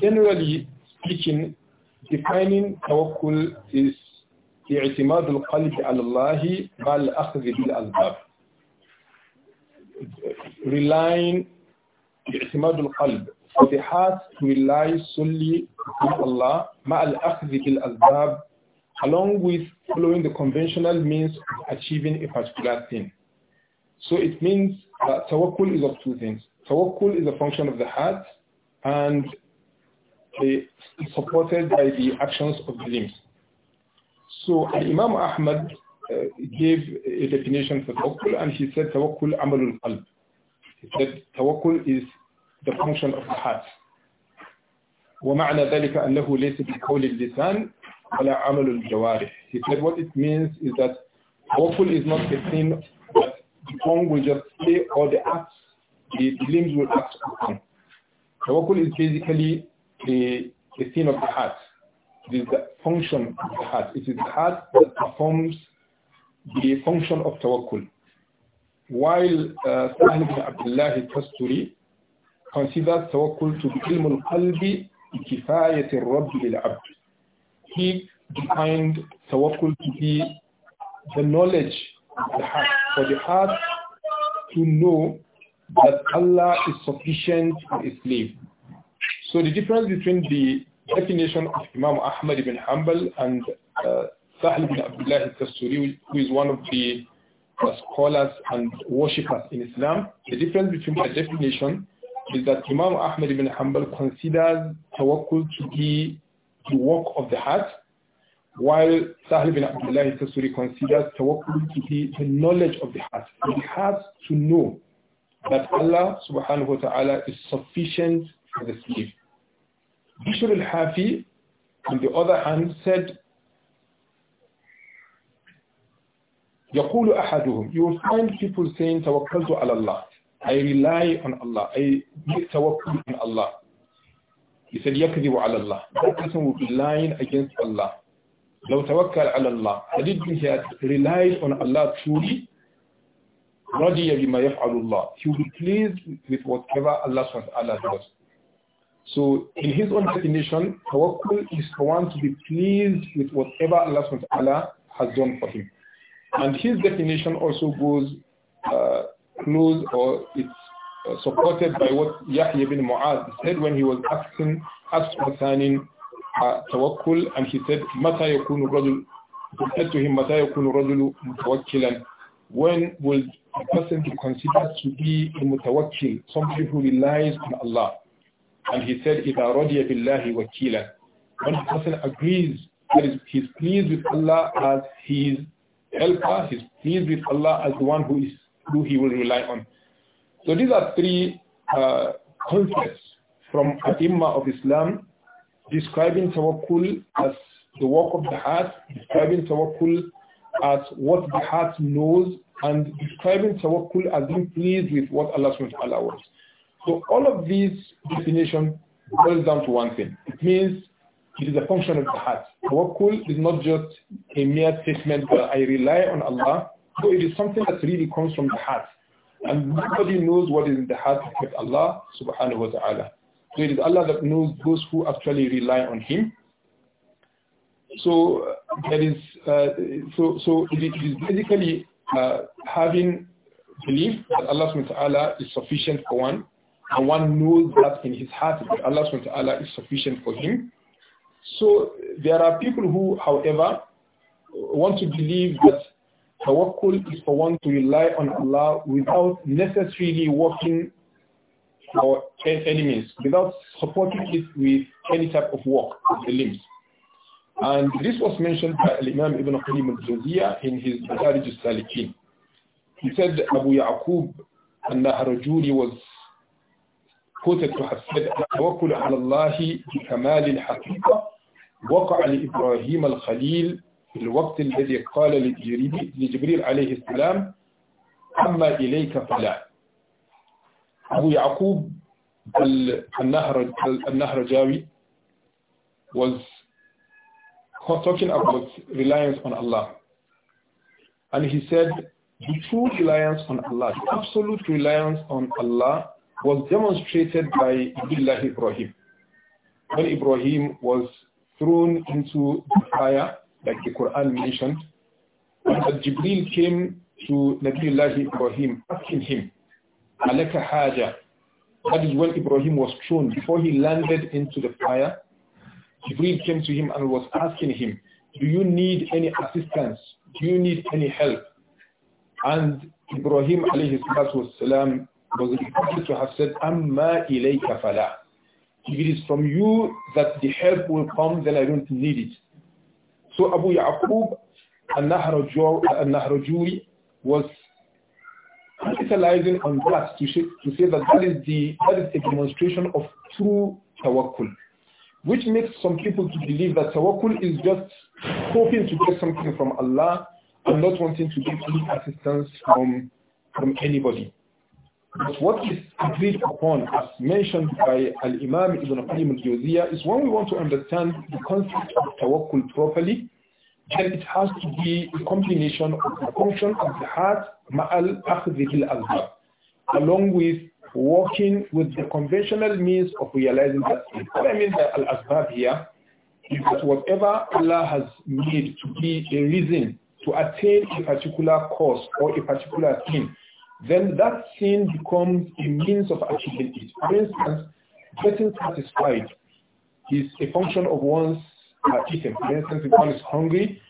generally speaking, defining tawakkul is اعتماد القلب على الله مع الأخذ بالأسباب. Relying اعتماد القلب for the heart to rely solely on Allah مع الأخذ بالأسباب along with following the conventional means of achieving a particular thing. So it means that tawakkul is of two things. Tawakkul is a function of the heart and is supported by the actions of the limbs. So Imam Ahmad uh, gave a definition for tawakkul and he said tawakkul amalul qalb. He said tawakkul is the function of the heart. ومعنى ذلك أنه ليس بقول اللسان ولا عمل الجوارح. He said what it means is that tawakkul is not a thing that the tongue will just say or the acts, the limbs will act upon. Tawakkul is basically the, the scene of the heart. It is the function of the heart. It is the heart that performs the function of tawakkul. While uh, Sahih ibn Abdullah al-Kasturi considers tawakkul to be ilm al-qalbi kifayat al-rabb lil-abd. He defined tawakkul to be the knowledge of the heart, for the heart to know that Allah is sufficient for his slave. So the difference between the definition of Imam Ahmad ibn Hanbal and uh, Sahl ibn Abdullah al-Kasturi, who is one of the uh, scholars and worshippers in Islam, the difference between their definition is that Imam Ahmad ibn Hanbal considers tawakkul to be the work of the heart, while Sahal ibn Abdullah al-Tasuri considers tawakkul to be the knowledge of the heart. It has to know that Allah subhanahu wa ta'ala is sufficient to the Bishr al-Hafi, on the other hand, said, يقول أحدهم You will find people saying توكلت على الله I rely on Allah I make tawakkul on Allah He said يكذب على الله That person will be lying against Allah لو توكل على الله did he had relied on Allah truly رضي بما يفعل الله He will be pleased with whatever Allah subhanahu does so in his own definition, tawakkul is for one to be pleased with whatever Allah SWT has done for him. And his definition also goes uh, close or it's uh, supported by what Yahya ibn Mu'adh said when he was asking, asked concerning uh, tawakkul and he said, مَتَى يَكُونُ he said to him, مَتَى يَكُونُ الرَّجُلُ When will a person be considered to be a mutawakkil, somebody who relies on Allah? And he said, إِذَا رَضِيَ بِاللَّهِ وَكِيلًا When a person agrees, that is, he's pleased with Allah as his helper, he's pleased with Allah as the one who, is, who he will rely on. So these are three uh, concepts from Atima of Islam describing tawakkul as the work of the heart, describing tawakkul as what the heart knows, and describing tawakkul as being pleased with what Allah subhanahu wa ta'ala wants. So all of these definition boils down to one thing. It means it is a function of the heart. Tawakkul is not just a mere statement that I rely on Allah, but it is something that really comes from the heart. And nobody knows what is in the heart except Allah subhanahu wa ta'ala. So it is Allah that knows those who actually rely on Him. So that is uh, so so it is basically uh, having belief that Allah subhanahu wa ta'ala is sufficient for one and one knows that in his heart that Allah subhanahu is sufficient for him. So there are people who, however, want to believe that tawakkul is for one to rely on Allah without necessarily working for any means, without supporting it with any type of work of the limbs. And this was mentioned by Imam Ibn Qayyim al-Jawziyah in his Madarij al-Salikin. He said Abu Ya'qub al-Naharajuri was quoted to have said, في الوقت الذي قال لجبريل عليه السلام أما إليك فلا أبو يعقوب النهر النهر جاوي was talking about reliance on Allah and he said the true reliance on Allah the absolute reliance on Allah was demonstrated by Abdullah Ibrahim. When Ibrahim was thrown into the fire, like the Quran mentioned, But Jibril came to Nabiullah Ibrahim asking him, Alaka Haja. That is when Ibrahim was thrown. Before he landed into the fire, Jibril came to him and was asking him, do you need any assistance? Do you need any help? And Ibrahim alayhi salatu because it is to have said, Amma ilayka falah. If it is from you that the help will come, then I don't need it. So Abu Ya'qub al-Nahrajuri was capitalizing on that to say, to say that that is, the, that is a demonstration of true tawakkul, which makes some people to believe that tawakkul is just hoping to get something from Allah and not wanting to get any assistance from, from anybody. But what is agreed upon, as mentioned by Al-Imam Ibn Qayyim al-Jawziyah, is when we want to understand the concept of tawakkul properly, then it has to be a combination of the function of the heart, ma'al akhdhil al along with working with the conventional means of realizing that What I mean by al-asbab here is that whatever Allah has made to be a reason to attain a particular cause or a particular thing, then that sin becomes a means of achieving it. For instance, getting satisfied is a function of one's uh, eating. For instance, if one is hungry,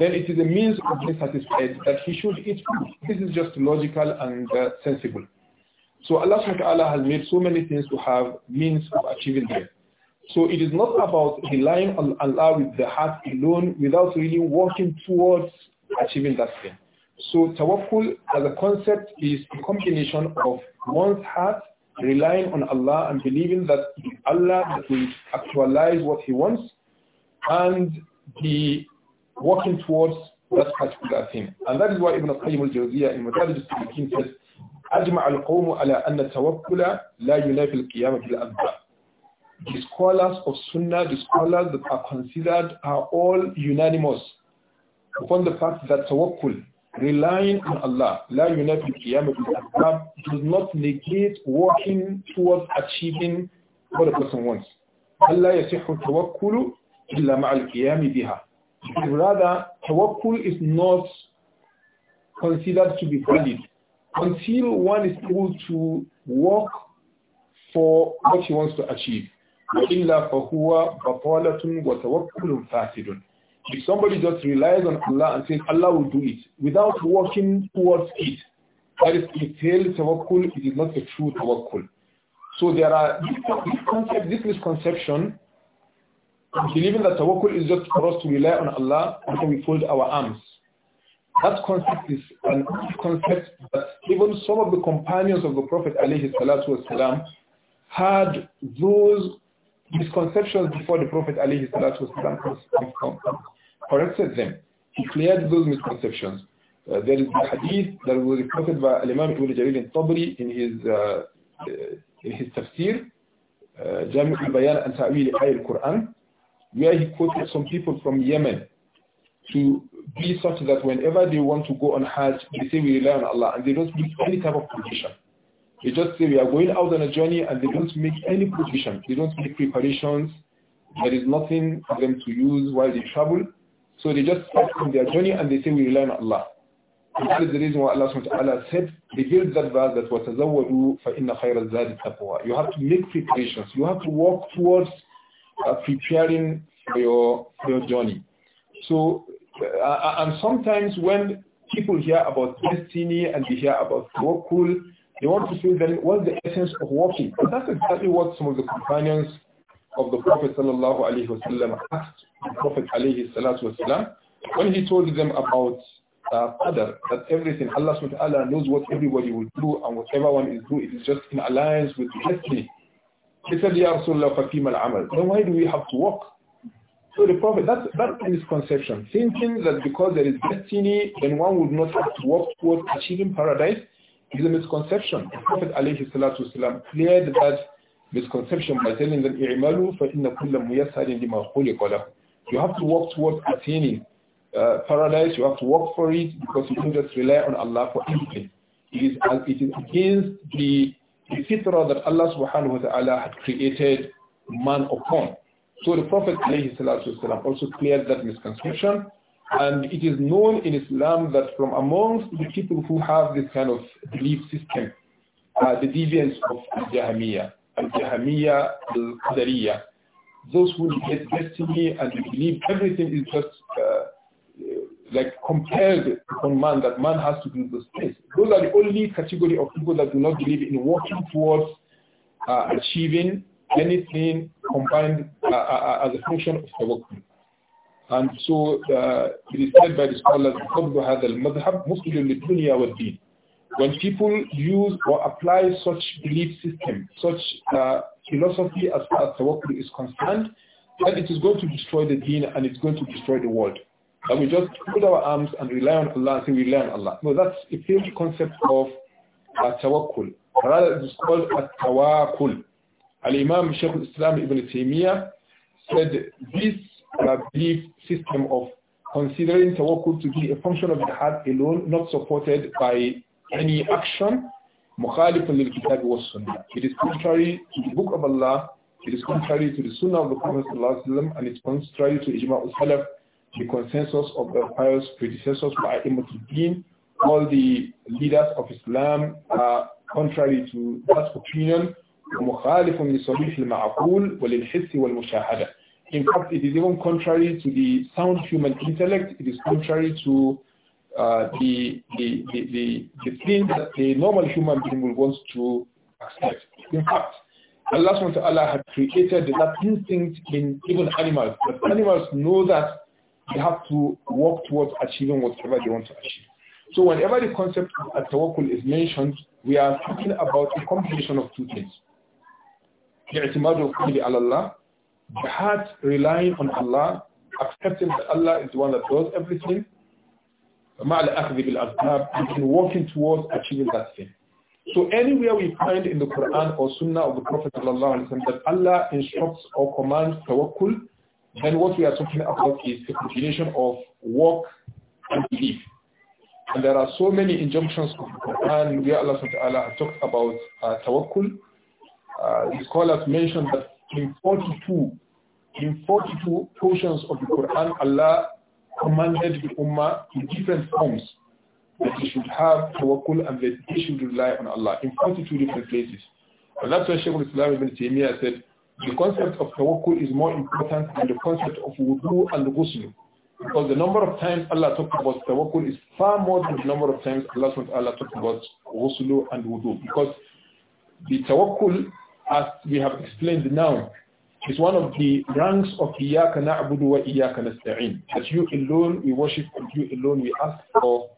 then it is a means of being satisfied that he should eat food. This is just logical and uh, sensible. So Allah subhanahu wa ta'ala has made so many things to have means of achieving them. So it is not about relying on Allah with the heart alone without really working towards achieving that thing. So tawakkul as a concept is a combination of one's heart relying on Allah and believing that Allah will actualize what he wants and the working towards that particular thing. And that is why Ibn Qayyim al-Jawziyah in Matalij al-Sadiqin says, أجمع القوم على أن التوكل لا ينافي القيام بالأذباب. The scholars of Sunnah, the scholars that are considered are all unanimous upon the fact that tawakkul relying on Allah, La yunafi qiyamah does not negate working towards achieving what a person wants. Allah yasihu tawakkulu illa ma'al qiyami biha. Rather, tawakkul is not considered to be valid until one is able to work for what he wants to achieve. وَإِلَّا فَهُوَ بَطَالَةٌ وَتَوَكُّلٌ فَاسِدٌ if somebody just relies on Allah and says Allah will do it without working towards it, that is entail tawakkul, it is not a true tawakkul. So there are this, concept, this misconception believing that tawakkul is just for us to rely on Allah until we fold our arms. That concept is an concept that even some of the companions of the Prophet والسلام, had those misconceptions before the Prophet والسلام, corrected them. He cleared those misconceptions. Uh, there is a hadith that was reported by Imam Ibn Jarir in Tabri in his, uh, uh, in his tafsir, uh, Jami' al-Bayan and Ta'wil al-Quran, where he quoted some people from Yemen to be such that whenever they want to go on Hajj, they say we rely on Allah and they don't make any type of condition. They just say we are going out on a journey and they don't make any provision. They don't make preparations. There is nothing for them to use while they travel. So they just start on their journey and they say, we rely on Allah. And that is the reason why Allah SWT said, build that verse that وَتَزَوَّدُوا فَإِنَّ خَيْرَ الزَّادِ التَّقْوَى You have to make preparations. You have to walk towards uh, preparing for your, for your journey. So, uh, uh, and sometimes when people hear about destiny and they hear about tawakkul, they want to feel that what's the essence of walking? And that's exactly what some of the companions of the Prophet sallallahu asked the Prophet alayhi when he told them about uh, that everything, Allah subhanahu wa ta'ala knows what everybody will do and whatever one is doing, it is just in alliance with destiny. He said, Ya Rasulullah, faqim Then why do we have to walk? So the Prophet, that's, that's a misconception. Thinking that because there is destiny, then one would not have to walk towards achieving paradise is a misconception. The Prophet alayhi salatu wasalam cleared that misconception by telling them إِعْمَلُوا فَإِنَّ كُلَّ مُيَسَّرٍ You have to work towards attaining uh, paradise. You have to work for it because you can not just rely on Allah for everything. It is, uh, it is against the, the fitra that Allah subhanahu wa ta'ala had created man upon. So the Prophet also cleared that misconception. And it is known in Islam that from amongst the people who have this kind of belief system, uh, the deviants of Jahamiyyah. Al-Jahmiya, Al-Qadariya. Those who get destiny and believe everything is just uh, like compelled upon man that man has to do those things. Those are the only category of people that do not believe in working towards uh, achieving anything combined uh, uh, uh as a function of tawakkul. And so uh, it is said by the scholars, قَبْضُ هَذَا الْمَذْهَبْ مُسْلِلٌ لِلدُّنْيَا وَالدِّينِ when people use or apply such belief system, such uh, philosophy as far as tawakkul is concerned, then it is going to destroy the deen and it's going to destroy the world. And we just put our arms and rely on Allah and say we rely on Allah. No, that's a failed concept of uh, tawakkul. Rather, it is called tawakkul. Al-Imam Shaykh islam Ibn Taymiyyah said this uh, belief system of considering tawakkul to be a function of the heart alone, not supported by any action مخالف للكتاب والسنة. It is contrary to the book of Allah, it is contrary to the sunnah of the Prophet ﷺ, and it's contrary to ijma' salaf the consensus of the pious predecessors, Ma'a'imuddin, all the leaders of Islam are contrary to that opinion. مخالف لصريح المعقول وللحس والمشاهدة. In fact, it is even contrary to the sound human intellect. It is contrary to uh, the, the, the, the, thing that the normal human being will want to accept. In fact, Allah subhanahu had created that instinct in even animals. But animals know that they have to work towards achieving whatever they want to achieve. So whenever the concept of tawakkul is mentioned, we are talking about a combination of two things. The itimadu of Allah, the heart relying on Allah, accepting that Allah is the one that does everything, مع الأخذ بالأسباب in towards achieving that thing. So anywhere we find in the Quran or Sunnah of the Prophet that Allah instructs or commands tawakkul, then what we are talking about is the combination of work and belief. And there are so many injunctions of the Quran where Allah SWT has talked about uh, tawakkul. Uh, the scholars mentioned that in 42, in 42 portions of the Quran, Allah commanded the Ummah in different forms that they should have tawakkul and that they should rely on Allah in 42 different places. And that's why Shaykh al-Islam ibn Taymiyyah said, the concept of tawakkul is more important than the concept of wudu and ghusl. Because the number of times Allah talked about tawakkul is far more than the number of times Allah SWT talked about ghusl and wudu. Because the tawakkul, as we have explained now, is one of the ranks of Iyaka na'budu wa Iyaka nasta'in. That you alone we worship and you alone we ask for,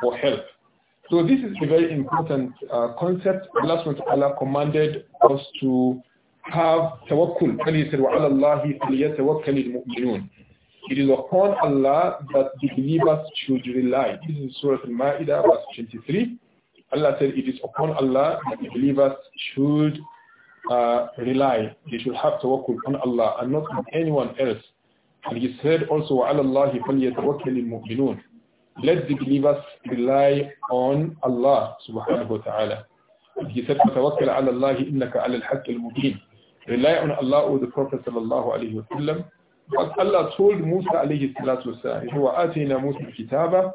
for help. So this is a very important uh, concept. Allah SWT commanded us to have tawakkul. And he said, وَعَلَى اللَّهِ فَلْيَتَوَكَّلِ الْمُؤْمِنُونَ It is upon Allah that the believers should rely. This is Surah Al-Ma'idah, verse 23. Allah said, it is upon Allah that the believers should uh, rely, they should have tawakkul on Allah and not on anyone else. And he said also, وَعَلَى اللَّهِ فَلْيَتَوَكَّلِ الْمُؤْمِنُونَ Let the believers rely on Allah subhanahu wa ta'ala. He said, فَتَوَكَّلْ عَلَى اللَّهِ إِنَّكَ عَلَى الْحَقِّ الْمُبِينَ Rely on Allah or the Prophet sallallahu alayhi wa sallam. But Allah told Musa alayhi salatu wasalam, وَآتِينَا مُوسَى الْكِتَابَ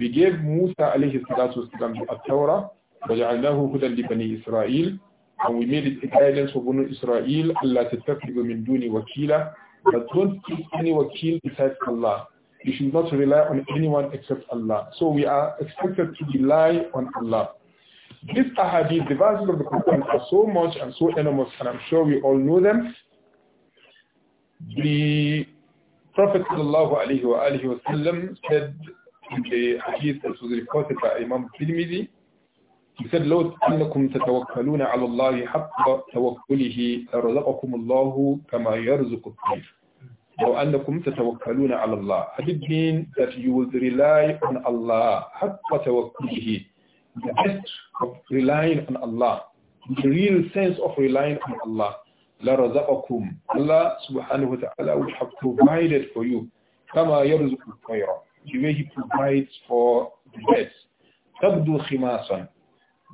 We gave Musa alayhi salatu wasalam the Torah, وَجَعَلْنَاهُ هُدًى لِبَنِي إِسْرَائِيلِ and we made it a guidance for Banu Israel, Allah tattaqibu min duni wakila, but don't keep any wakil besides Allah. You should not rely on anyone except Allah. So we are expected to rely on Allah. These ahadith, the verses of the Quran are so much and so enormous, and I'm sure we all know them. The Prophet sallallahu alayhi wa said in the hadith that was reported by Imam Tirmidhi, he said, لو أنكم تتوكلون على الله حق توكله رزقكم الله كما يرزق الطير. أنكم تتوكلون على الله. Had it been that you would rely on Allah حق توكله. The best of relying on Allah. The real sense of relying on Allah. لرزقكم. Allah subhanahu wa ta'ala would have provided for you. كما يرزق الطير. The way he provides for the birds. تبدو خماسا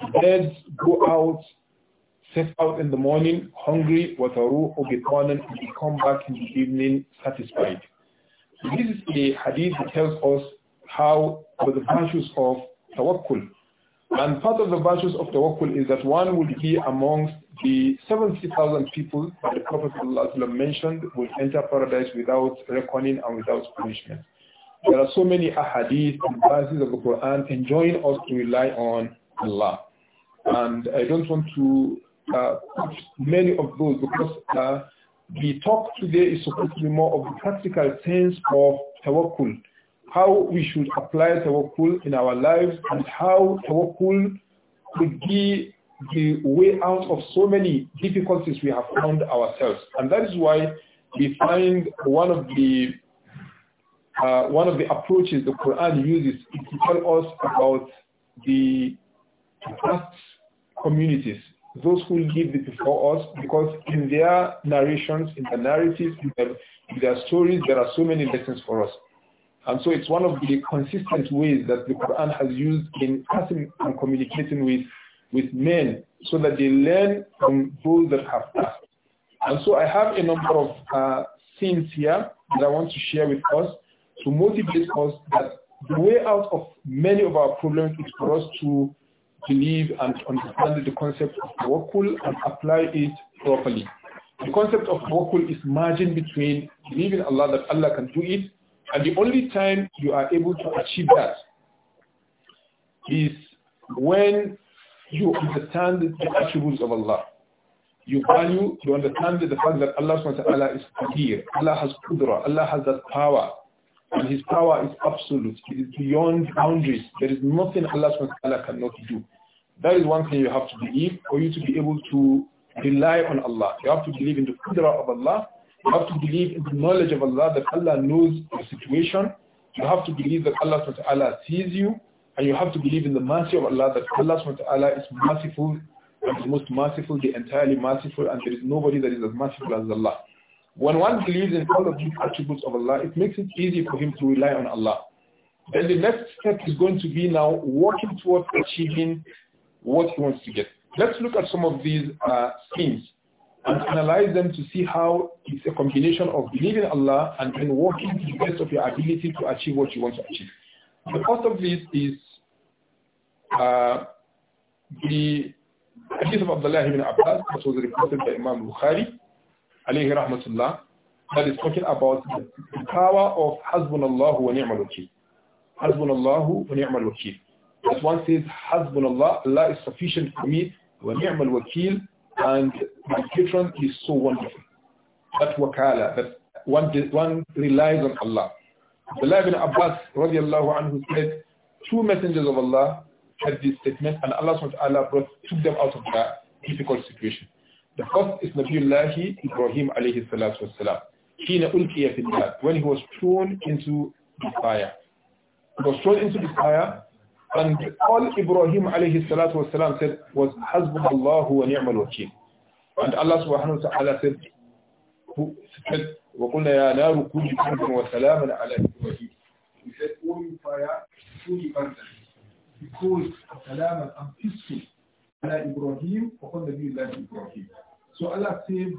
the birds go out, set out in the morning hungry, وَتَرُوحُ بِطَانًا and they come back in the evening satisfied. So this is a hadith that tells us how the virtues of tawakkul. And part of the virtues of tawakkul is that one would be amongst the 70,000 people that the Prophet ﷺ mentioned will enter paradise without reckoning and without punishment. There are so many ahadith and verses of the Quran enjoying us to rely on Allah. And I don't want to uh, put many of those because uh, the talk today is supposed to be more of the practical sense of tawakkul, how we should apply tawakkul in our lives and how tawakkul could be the way out of so many difficulties we have found ourselves. And that is why we find one of the uh, one of the approaches the Quran uses is to tell us about the past communities, those who lived before us, because in their narrations, in their narratives, in their, in their stories, there are so many lessons for us. And so it's one of the consistent ways that the Quran has used in passing and communicating with, with men so that they learn from those that have passed. And so I have a number of uh, scenes here that I want to share with us to motivate us that the way out of many of our problems is for us to believe and understand the concept of tawakkul and apply it properly. The concept of tawakkul is margin between believing Allah that Allah can do it, and the only time you are able to achieve that is when you understand the attributes of Allah. You value, you understand the fact that Allah subhanahu wa ta'ala is here. Allah has qudra, Allah has that power. And his power is absolute. It is beyond boundaries. There is nothing Allah subhanahu cannot do. That is one thing you have to believe for you to be able to rely on Allah. You have to believe in the qudra of Allah. You have to believe in the knowledge of Allah that Allah knows your situation. You have to believe that Allah subhanahu sees you. And you have to believe in the mercy of Allah that Allah subhanahu is merciful and the most merciful, the entirely merciful, and there is nobody that is as merciful as Allah. When one believes in all of these attributes of Allah, it makes it easy for him to rely on Allah. Then the next step is going to be now working towards achieving what he wants to get. Let's look at some of these uh, schemes and analyze them to see how it's a combination of believing Allah and then working to the best of your ability to achieve what you want to achieve. The first of these is uh, the hadith of Abdullah ibn Abbas, which was reported by Imam Bukhari, alayhi rahmatullah, that is talking about the power of Hasbunallah wa ni'mal wakil. Hasbunallahu wa ni'mal wakil. That one says, Hasbunallah, Allah is sufficient for me, wa ni'mal wakil, and my patron is so wonderful. That wakala, that one, one relies on Allah. Abdullah ibn Abbas radiallahu anhu said, two messengers of Allah had this statement and Allah subhanahu wa ta'ala took them out of that difficult situation. The first is Nabiullah Ibrahim alayhi salatu wassalam. Hina ulkiya fil when he was thrown into the fire. He was thrown into the fire and all Ibrahim alayhi salatu wassalam said was Hasbunallahu wa ni'mal wakil. And Allah subhanahu wa ta'ala said, who said, وَقُلْنَا يَا نَارُ كُلِّ كُنْتُمْ وَسَلَامًا عَلَى إِبْرَاهِيمَ He said, O fire, truly abundant, because of salam and peaceful على إبراهيم upon the الله Ibrahim. So Allah saved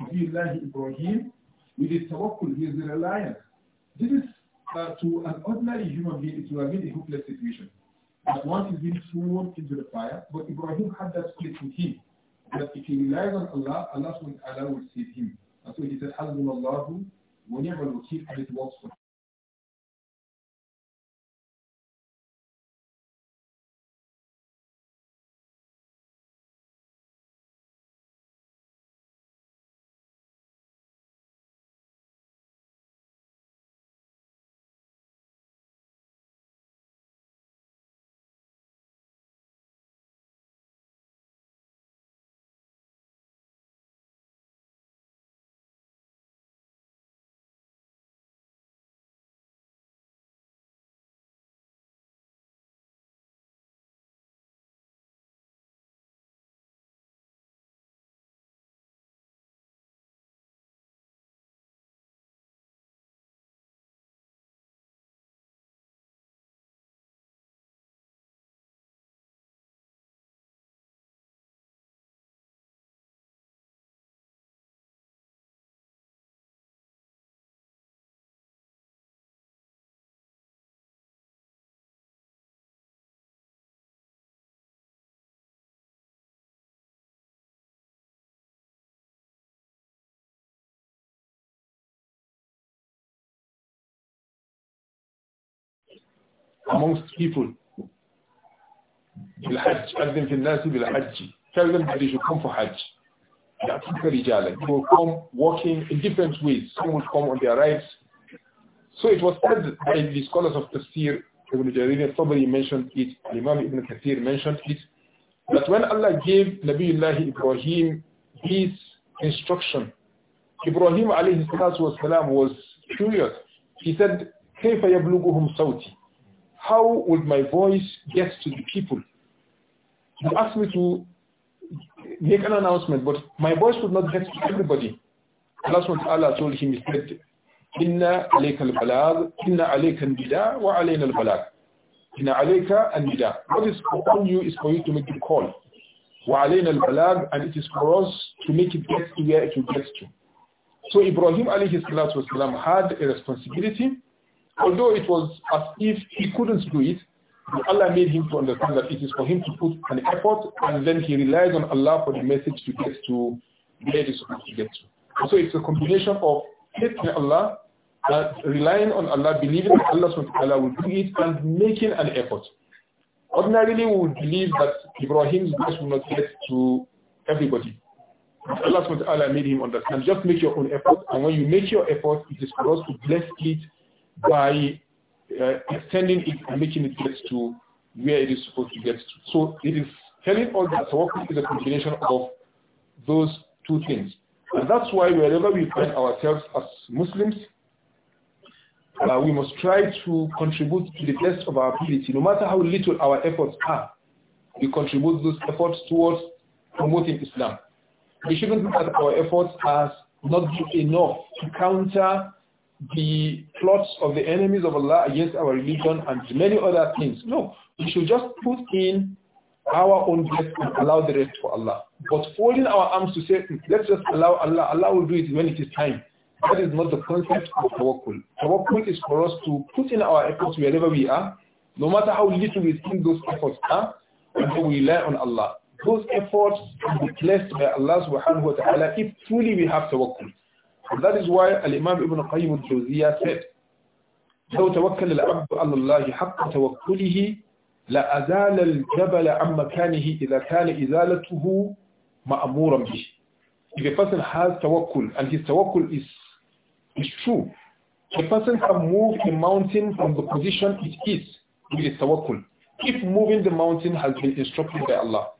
Nabiullah Ibrahim with his tawakkul, his reliance. This is uh, to an ordinary human being, it will be a hopeless situation. But once he's been thrown into the fire, but Ibrahim had that split with him, that if he relies on Allah, Allah will, Allah will save him. And so he said, Hasbunallahu wa ni'mal wakil, and it works for him. amongst people. بالحج أذن في الناس بالحج Tell them that they should come for Hajj. They will come walking in different ways. Some will come on their rights. So it was said by the scholars of Tafsir, Ibn Jarir, somebody mentioned it, Imam Ibn Kathir mentioned it, that when Allah gave Nabiullah Ibrahim his instruction, Ibrahim alayhi salatu was curious. He said, كيف يبلغهم صوتي how would my voice get to the people? You asked me to make an announcement, but my voice would not get to everybody. That's what Allah told him, he said, Inna alayka al-balag, inna alayka al-bida, wa alayna al-balag. Inna alayka al-bida. What is upon you is for you to make the call. Wa alayna al-balag, and it is for us to make it get to where it will get to. So Ibrahim alayhi salatu wasalam had a responsibility Although it was as if he couldn't do it, Allah made him to understand that it is for him to put an effort and then he relies on Allah for the message to get to where it is supposed to get to. So it's a combination of faith in Allah, uh, relying on Allah, believing that Allah Allah will do it and making an effort. Ordinarily we would believe that Ibrahim's verse will not get to everybody. But Allah subhanahu made him understand, just make your own effort and when you make your effort, it is for us to bless it by uh, extending it and making it get to where it is supposed to get to. So it is telling us that tawakkul is a combination of those two things. And that's why wherever we find ourselves as Muslims, uh, we must try to contribute to the best of our ability. No matter how little our efforts are, we contribute those efforts towards promoting Islam. We shouldn't look at our efforts as not enough to counter the plots of the enemies of Allah against our religion and many other things. No, we should just put in our own best and allow the rest for Allah. But folding our arms to say, let's just allow Allah, Allah will do it when it is time. That is not the concept of tawakkul. Tawakkul is for us to put in our efforts wherever we are, no matter how little we think those efforts are, until we rely on Allah. Those efforts will be blessed by Allah subhanahu wa ta'ala if truly we have tawakkul. And that is why Al-Imam Ibn Qayyim al-Jawziyah said, لو توكل العبد على الله حق توكله لأزال الجبل عن مكانه إذا كان إزالته مأمورا به. If a person has tawakkul and his tawakkul is, is true, a person can move a mountain from the position it is with his tawakkul. If moving the mountain has been instructed by Allah,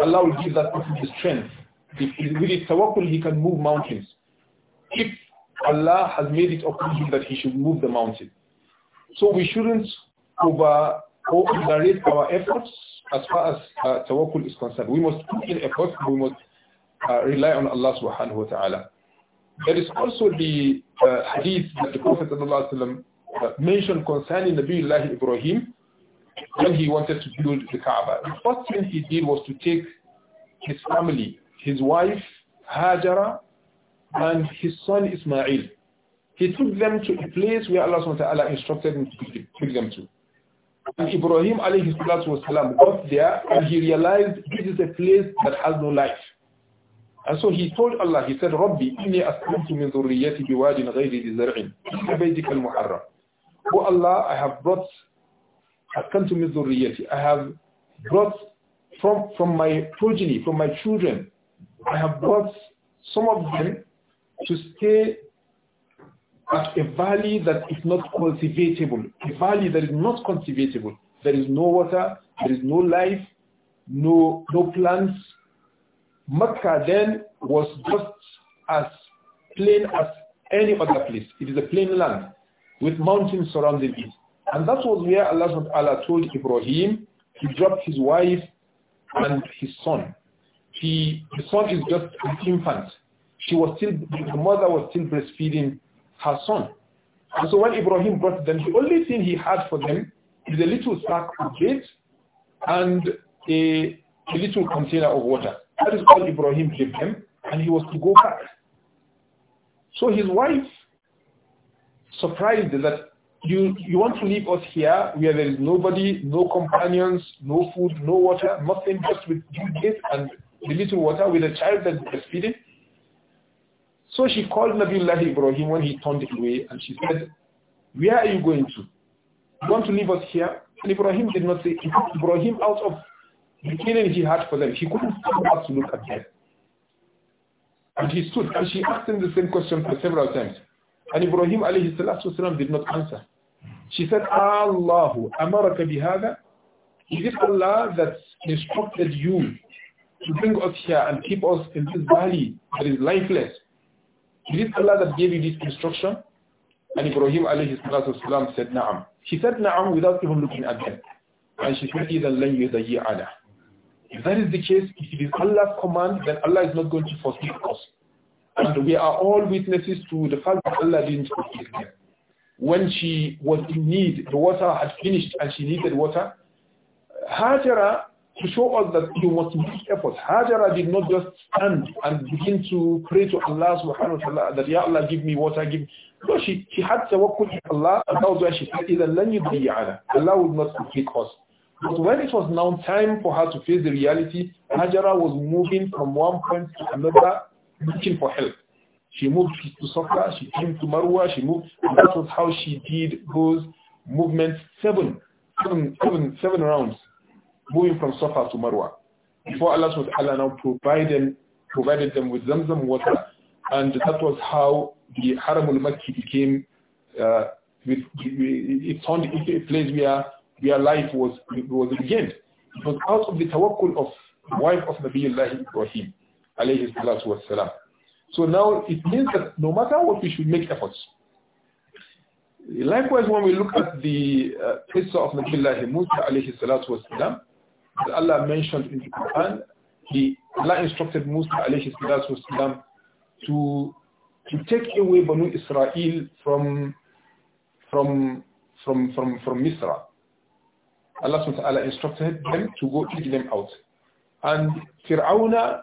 Allah will give that person the strength. If, with his tawakkul, he can move mountains if Allah has made it upon him that he should move the mountain. So we shouldn't over or our efforts as far as uh, tawakkul is concerned. We must put in effort, we must uh, rely on Allah subhanahu wa ta'ala. There is also the uh, hadith that the Prophet ﷺ, uh, mentioned concerning Nabiullah Ibrahim when he wanted to build the Kaaba. The first thing he did was to take his family, his wife, Hajara, and his son Ismail. He took them to a place where Allah SWT instructed him to take them to. And Ibrahim alayhi salatu wasalam got there and he realized this is a place that has no life. And so he told Allah, he said, رَبِّي إِنِّي أَسْلَمْتُ مِنْ Oh Allah, I have brought أَسْلَمْتُ مِنْ I have brought from, from my progeny, from my children, I have brought some of them to stay at a valley that is not cultivatable, a valley that is not cultivatable. There is no water, there is no life, no, no plants. Makkah then was just as plain as any other place. It is a plain land with mountains surrounding it. And that was where Allah told Ibrahim to drop his wife and his son. He, the son is just an infant she was still, the mother was still breastfeeding her son. And so when Ibrahim brought them, the only thing he had for them is a little sack of dates and a, a little container of water. That is all Ibrahim gave them, and he was to go back. So his wife surprised that you, you want to leave us here where there is nobody, no companions, no food, no water, nothing, just with you and the little water with a child that is feeding. So she called Nabiullah Ibrahim when he turned away and she said, where are you going to? You want to leave us here? And Ibrahim did not say, Ibrahim out of the feeling he had for them. He couldn't stand out to look at them. And he stood and she asked him the same question for several times. And Ibrahim alayhi salatu did not answer. She said, Allahu amaraka bihada. Is it Allah that instructed you to bring us here and keep us in this valley that is lifeless? Is it Allah that gave you this instruction? And Ibrahim alayhi salam said, Na'am. She said, Na'am, without even looking at them. And she said, the year يُدَيِّعَنَا If that is the case, if it is Allah's command, then Allah is not going to forsake us. And we are all witnesses to the fact that Allah didn't forsake them. When she was in need, the water had finished and she needed water, Hajara to show us that you must make efforts. Hajara did not just stand and begin to pray to Allah subhanahu wa ta'ala that Ya Allah give me water, give me. No, she, she had tawakkul to Allah and that was why she said, إِذَا لَنْ يُضِيَّعَنَا Allah would not complete us. But when it was now time for her to face the reality, Hajara was moving from one point to another looking for help. She moved to Safa, she came to Marwa, she moved, and that was how she did those movements, seven, seven, seven, seven rounds moving from Safa to Marwa. Before Allah subhanahu wa ta'ala now them, provided them with Zamzam water. And that was how the Haram al-Makki became, uh, with, it turned into a place where, where life was, was regained. It was out of the tawakkul of wife of Nabiullah Ibrahim, alayhi salatu was salam. So now it means that no matter what, we should make efforts. Likewise, when we look at the uh, of Nabiullah Musa alayhi salatu wasalam, that Allah mentioned in the Quran, he, Allah instructed Musa alayhi wasalam, to, to take away Banu Israel from, from, from, from, from Misra. Allah subhanahu instructed them to go take them out. And Fir'auna,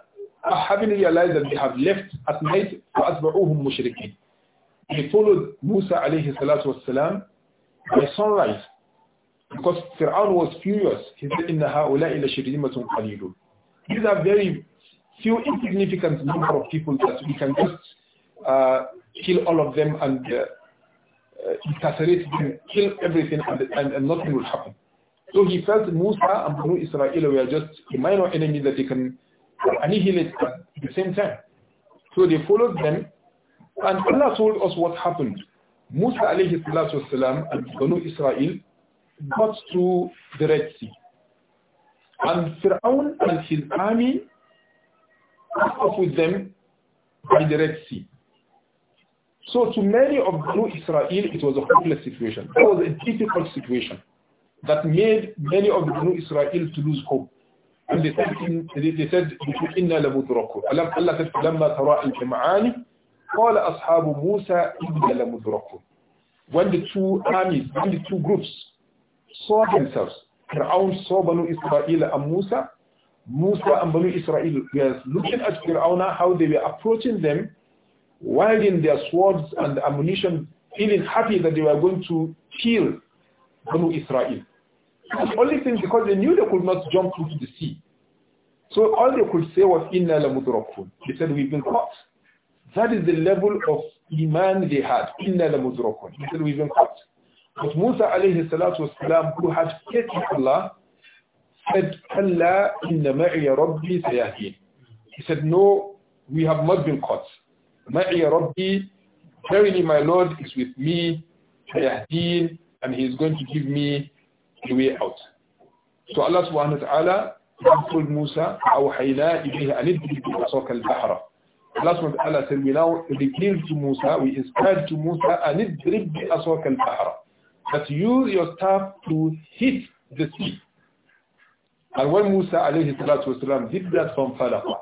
having realized that they have left at night, فَأَتْبَعُوهُمْ مُشْرِكِينَ They followed Musa alayhi salatu wasalam by sunrise. Because Fir'aun was furious. He said, These are very few insignificant number of people that we can just uh, kill all of them and uh, uh, incarcerate them, kill everything and, and, and, nothing will happen. So he felt Musa and Banu Israel were just a minor enemy that they can annihilate at the same time. So they followed them and Allah told us what happened. Musa alayhi salatu and Banu Israel got to the Red Sea. And Pharaoh and his army caught up with them by the Red Sea. So to many of Banu Israel, it was a hopeless situation. It was a difficult situation that made many of the Banu Israel to lose hope. And they said, they said, إِنَّا لَمُدْرَكُونَ Allah said, فَلَمَّا تَرَاءَ الْجَمْعَانِ قَالَ أَصْحَابُ مُوسَى إِنَّا لَمُدْرَكُونَ When the two armies, when the two groups saw themselves. Fir'aun saw Banu Israel and Musa. Musa and Banu Israel were looking at Fir'aun, how they were approaching them, wielding their swords and ammunition, feeling happy that they were going to kill Banu Israel. The only thing because they knew they could not jump into the sea. So all they could say was, Inna lamudrakun. They said, we've been caught. That is the level of iman they had. Inna lamudrakun. They said, we've been caught. But Musa alayhi salatu wasalam, who had faith in Allah, said, Allah inna ma'iya rabbi sayahin. He said, no, we have not been caught. Ma'iya rabbi, verily my Lord is with me, sayahin, and he is going to give me the way out. So Allah subhanahu wa ta'ala told Musa, أَوْحَيْنَا إِلَيْهَ أَنِدْرِكُ al-bahra. Allah subhanahu wa ta'ala said, we now revealed to Musa, we inspired to Musa, أَنِدْرِكْ al-bahra. But use your staff to hit the sea. And when Musa alayhi salatu wasalam did that from Falaqa,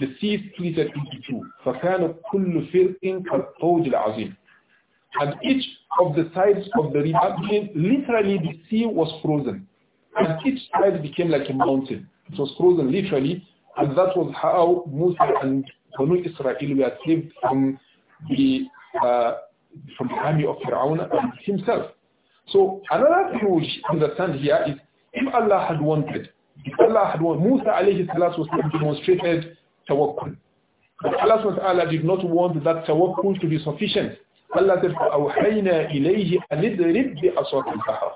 the sea splitted into two. فَكَانَ كُلُّ فِرْءٍ كَالْقَوْجِ الْعَظِيمِ And each of the sides of the river, literally the sea was frozen. And each side became like a mountain. It was frozen literally. And that was how Musa and Banu Israel were saved from the uh, from the army of Fir'aun himself. So another thing we understand here is if Allah had wanted, if Allah had wanted, Musa alayhi salatu demonstrated tawakkul. But Allah subhanahu did not want that tawakkul to be sufficient. Allah said, فَأَوْحَيْنَا إِلَيْهِ أَنِدْرِبْ بِأَصْوَةِ الْبَحَرِ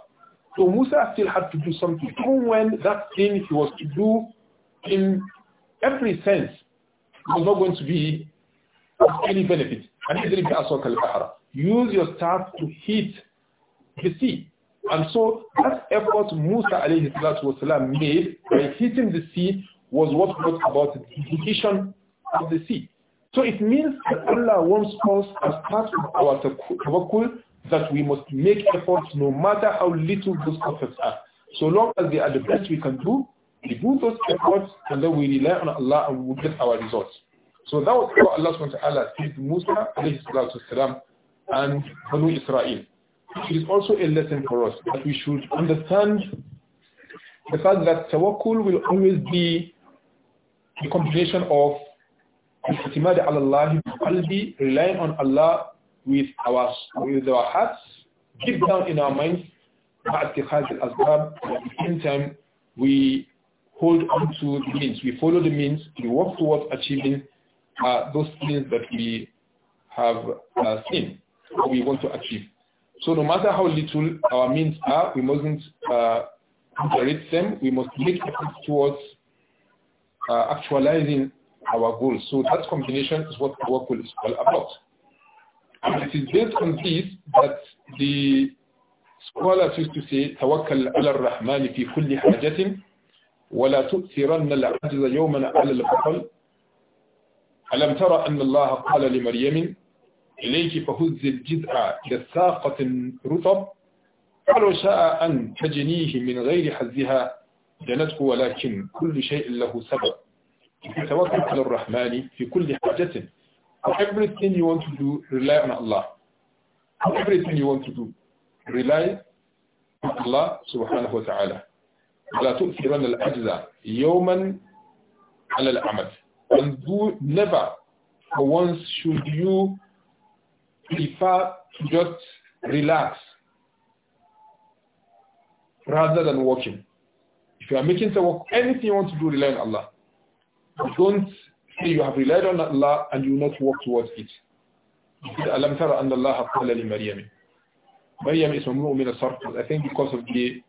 So Musa still had to do something. Even when that thing he was to do in every sense was not going to be of any benefit. أَنِدْرِبْ بِأَصْوَةِ الْبَحَرِ use your staff to hit the sea. And so that effort Musa alayhi wasalam made by hitting the sea was what brought about the division of the sea. So it means that Allah wants us as part of our tawakkul that we must make efforts no matter how little those efforts are. So long as they are the best we can do, we do those efforts and then we rely on Allah and we will get our results. So that was what Allah subhanahu said to Musa alayhi salatu wasalam and Banu Israel. It is also a lesson for us that we should understand the fact that tawakkul will always be a combination of itimad ala Allah qalbi, relying on Allah with our with our hearts, deep down in our minds, ma'atikhad al-asbab, at the same time we hold on to the means, we follow the means, we work towards achieving uh, those things that we have uh, seen what we want to achieve. So no matter how little our means are, we mustn't uh, underrate them. We must make efforts towards uh, actualizing our goals. So that combination is what Tawakkul is all about. And it is based on this that the scholars used to say, Tawakkal ala rahman fi kulli hajatin ولا تؤثرن العجز يوما على البطل ألم ترى أن الله قال لمريم إليك فهز الجزء إلى الساقة رطب ولو شاء أن تجنيه من غير حزها جنته ولكن كل شيء له سبب توكل على الرحمن في كل حاجة everything you want to do rely on Allah everything you want to do rely on Allah سبحانه وتعالى لا تؤثرن الأجزاء يوما على العمل and do never once should you prefer to just relax rather than working. If you are making work, anything you want to do, rely on Allah. Don't say you have relied on Allah and you not work towards it. أَلَمْ تَرَ أَنَّ اللَّهَ قَالَ لِمَرْيَمِ Maryam is mamnu'u min al-sarf. I think because of the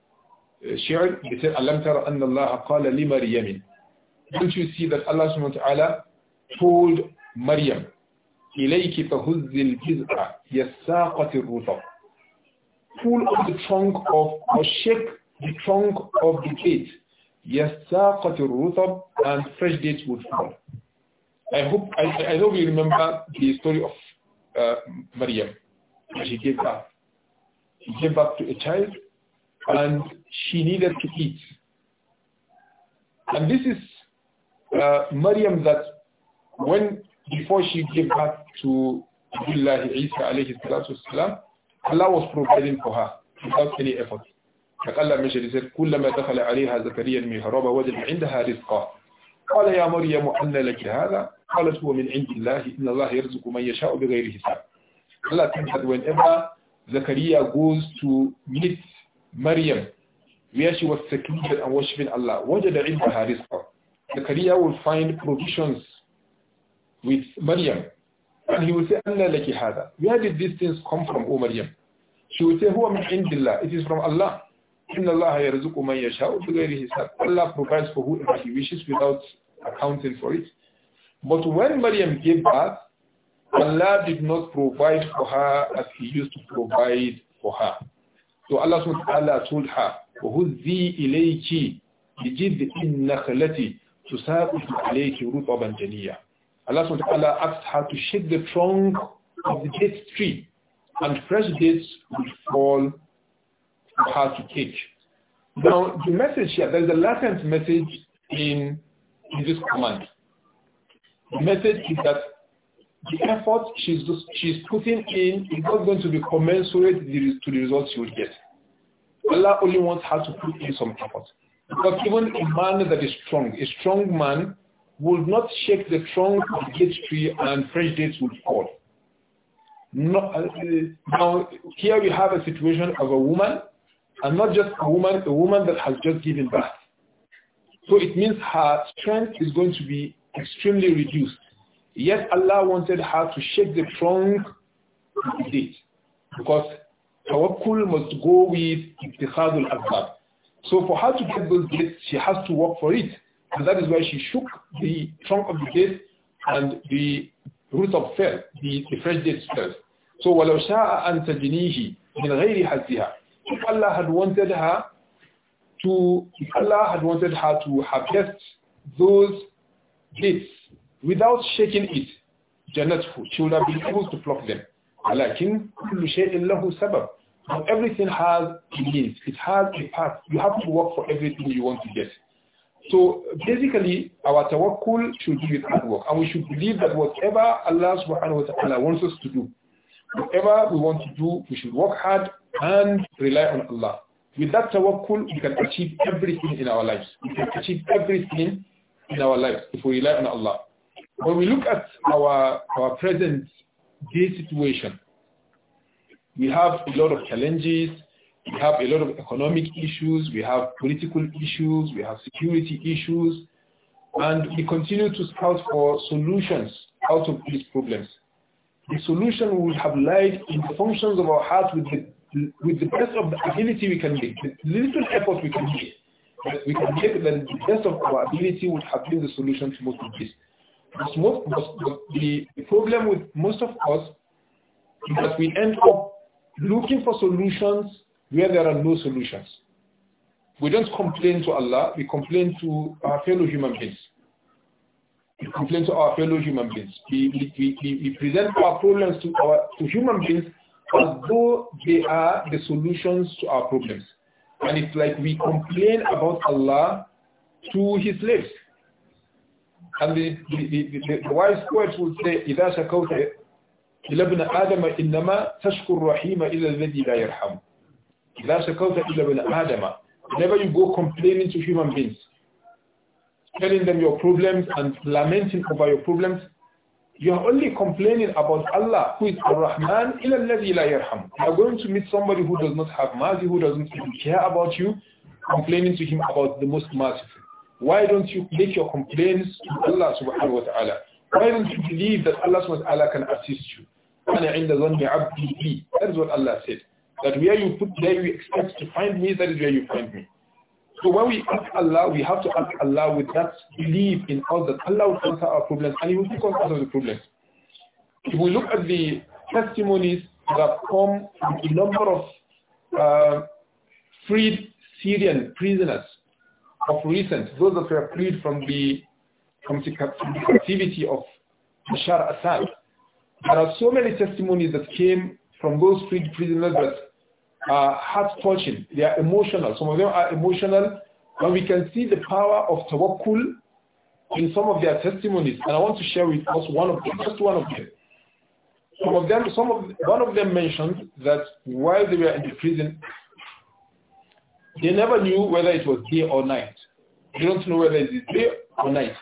uh, he they said, أَلَمْ تَرَ أَنَّ اللَّهَ قَالَ لِمَرْيَمِ Don't you see that Allah subhanahu wa ta'ala told Maryam إليك فهز الجزء يساقة الرطب Pull on the trunk of, or shake the trunk of the date. يساقة الرطب and fresh dates would fall. I hope, I, I hope you remember the story of uh, Maryam. She gave birth. She gave birth to a child and she needed to eat. And this is uh, Maryam that when before she gave birth, to Abdullah Isa alayhi salatu wasalam, Allah was providing for her without any effort. Like Allah mentioned, he said, كلما دخل عليها زكريا المهراب وجد عندها رزقا قال يا مريم أن لك هذا قالت هو من عند الله إن الله يرزق من يشاء بغير حساب Allah thinks that whenever Zakaria goes to meet Maryam where she was secluded and worshipping Allah وجد عندها رزقا Zakaria will find provisions with Maryam and he will say, Anna laki hada. Where did these things come from, O Maryam? She will say, Huwa min indillah. It is from Allah. Inna Allah yarzuqu man yasha'u bighayri hisab. Allah provides for whoever he wishes without accounting for it. But when Maryam gave birth, Allah did not provide for her as he used to provide for her. So Allah subhanahu wa ta'ala told her, وَهُذِّي إِلَيْكِ بِجِذْءِ النَّخْلَةِ تُسَاقِطُ عَلَيْكِ رُطَبًا جَنِيًّا Allah subhanahu wa ta'ala asked her to shake the trunk of the date tree and fresh dates would fall for her to take. Now the message here, there is a latent message in, in this command. The message is that the effort she's, she's putting in is not going to be commensurate to the results she will get. Allah only wants her to put in some effort. Because even a man that is strong, a strong man would not shake the trunk of the date tree and fresh dates would fall. No, uh, now, here we have a situation of a woman, and not just a woman, a woman that has just given birth. So it means her strength is going to be extremely reduced. Yet Allah wanted her to shake the trunk of the date. Because tawakkul must go with ittihadul asbab. So for her to get those dates, she has to work for it. And that is why she shook the trunk of the date and the root of fell, the, the fresh date fell. So وَلَوْ شَاءَ أَن تَجْنِيهِ مِنْ غَيْرِ حَزِّهَا If Allah had wanted her to, if Allah had wanted her to harvest those dates without shaking it, جَنَّتْهُ She would have been able to pluck them. ولكن كل شيء له سبب. Now everything has a means. It has a path. You have to work for everything you want to get. So basically, our tawakkul should be with hard work. And we should believe that whatever Allah subhanahu wa ta'ala wants us to do, whatever we want to do, we should work hard and rely on Allah. With that tawakkul, we can achieve everything in our lives. We can achieve everything in our lives if we rely on Allah. When we look at our, our present day situation, we have a lot of challenges, we have a lot of economic issues, we have political issues, we have security issues, and we continue to scout for solutions out of these problems. The solution would have lied in the functions of our heart with the, with the best of the ability we can make, the little effort we can make. We can make that the best of our ability would have been the solution to most of this. But most, the, the problem with most of us is that we end up looking for solutions where there are no solutions. We don't complain to Allah, we complain to our fellow human beings. We complain to our fellow human beings. We, we, we, we present our problems to, our, to human beings as though they are the solutions to our problems. And it's like we complain about Allah to his slaves. And the, the, the, the, the wise poets would say, إِذَا شَكَوْتَ إِلَى آدَمَ إِنَّمَا تَشْكُرْ رَحِيمَ إِلَى الَّذِي لَا يَرْحَمُ that's the culture إلا من Adama. Whenever you go complaining to human beings, telling them your problems and lamenting over your problems, you are only complaining about Allah who is Ar-Rahman ila la yarham. You are going to meet somebody who does not have mercy, who doesn't care about you, complaining to him about the most merciful. Why don't you make your complaints to Allah subhanahu wa ta'ala? Why don't you believe that Allah subhanahu wa ta'ala can assist you? That is what Allah said. That where you put there you expect to find me, that is where you find me. So when we ask Allah, we have to ask Allah with that belief in us that Allah will answer our problems and He will take us out of the problems. If we look at the testimonies that come from a number of uh, freed Syrian prisoners of recent, those that were freed from the, from the captivity of Bashar Assad, there are so many testimonies that came from those freed prisoners that uh, heart-touching. They are emotional. Some of them are emotional. but we can see the power of tawakkul in some of their testimonies. And I want to share with us one of them, just one of them. Some of them, some of, one of them mentioned that while they were in the prison, they never knew whether it was day or night. They don't know whether it is day or night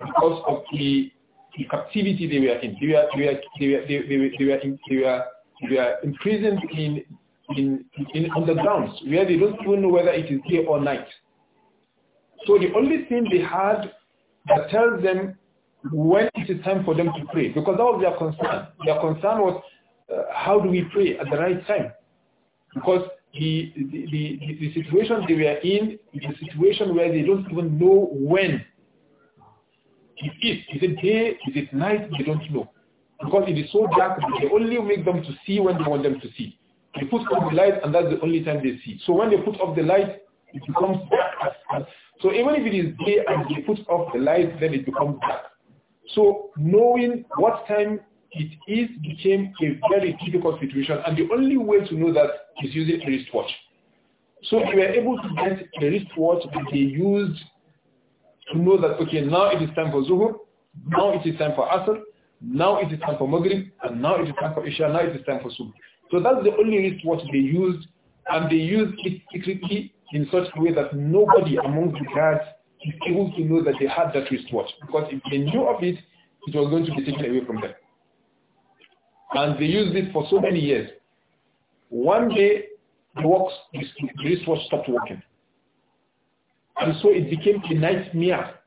because of the, the captivity they were in. They they were, they were, they were, they were, they were imprisoned in in, in, on the grounds where they don't even know whether it is day or night. So the only thing they had that tells them when it is time for them to pray, because that was their concern. Their concern was, uh, how do we pray at the right time? Because the, the, the, the situation they were in is a situation where they don't even know when it is. Is it day? Is it night? They don't know. Because it is so dark, they only make them to see when they want them to see. They put off the light and that's the only time they see. So when they put off the light, it becomes dark. So even if it is day and they put off the light, then it becomes dark. So knowing what time it is became a very difficult situation and the only way to know that is using a wristwatch. So they were able to get a wristwatch that they used to know that, okay, now it is time for Zuhur, now it is time for Asr, now it is time for Maghrib, and now it is time for Isha, now it is time for Subh. So that's the only wristwatch they used, and they used it secretly in such a way that nobody among the guards is able to know that they had that wristwatch, because if they knew of it, it was going to be taken away from them. And they used it for so many years. One day, the, works, the wristwatch stopped working. And so it became a nightmare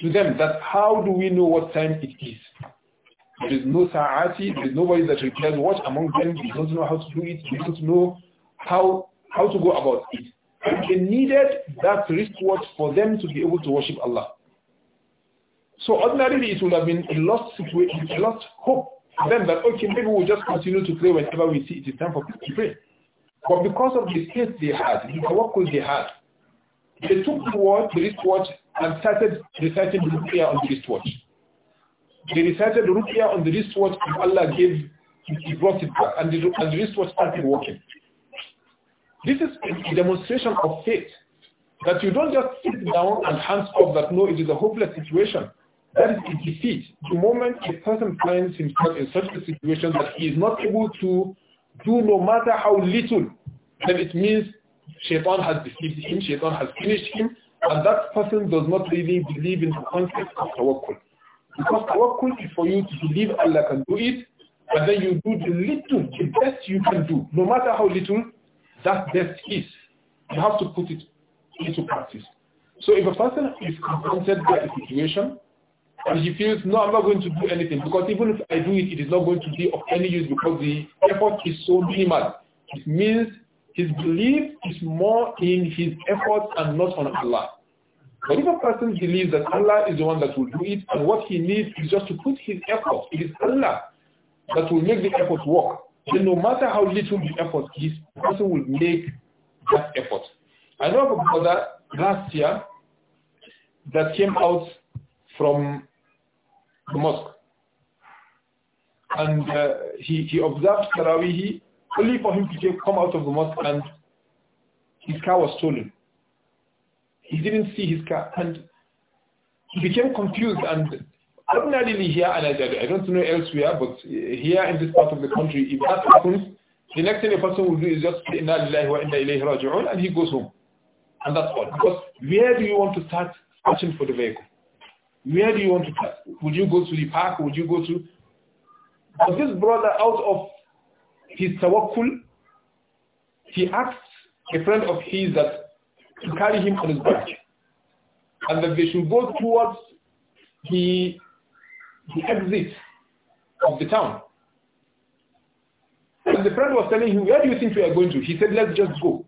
to them that how do we know what time it is? There is no sa'ati, there is nobody that requires what among them. They don't know how to do it. They don't know how, how to go about it. And they needed that wristwatch for them to be able to worship Allah. So ordinarily it would have been a lost situation, a lost hope for them that, okay, maybe we'll just continue to pray whenever we see it is time for people to pray. But because of the state they had, the tawakkul they had, they took the watch, the wristwatch, and started reciting the prayer on the wristwatch. They recited Ruqya on the wristwatch Allah gave, he brought it back and the, and the wristwatch started working. This is a demonstration of faith that you don't just sit down and hands off that no, it is a hopeless situation. That is a defeat. The moment a person finds himself in such a situation that he is not able to do no matter how little, then it means Shaitan has deceived him, Shaitan has finished him, and that person does not really believe in the concept of tawakkul. Because tawakkul is for you to believe Allah can do it, and then you do the little, the best you can do, no matter how little that best is. You have to put it into practice. So if a person is confronted by a situation and he feels, no, I'm not going to do anything because even if I do it, it is not going to be of any use because the effort is so minimal. It means his belief is more in his efforts and not on Allah. But if a person believes that Allah is the one that will do it and what he needs is just to put his effort, it is Allah that will make the effort work, then no matter how little the effort is, the person will make that effort. I know of a brother last year that came out from the mosque and uh, he, he observed Taraweeh only for him to come out of the mosque and his car was stolen he didn't see his car and he became confused and ordinarily here and I, I don't know elsewhere but here in this part of the country if that happens the next thing a person will do is just inna ilayhi and he goes home and that's all because where do you want to start searching for the vehicle where do you want to start would you go to the park would you go to but this brother out of his tawakkul he asked a friend of his that to carry him on his back. And that they should go towards the, the exit of the town. And the friend was telling him, where do you think we are going to? He said, let's just go.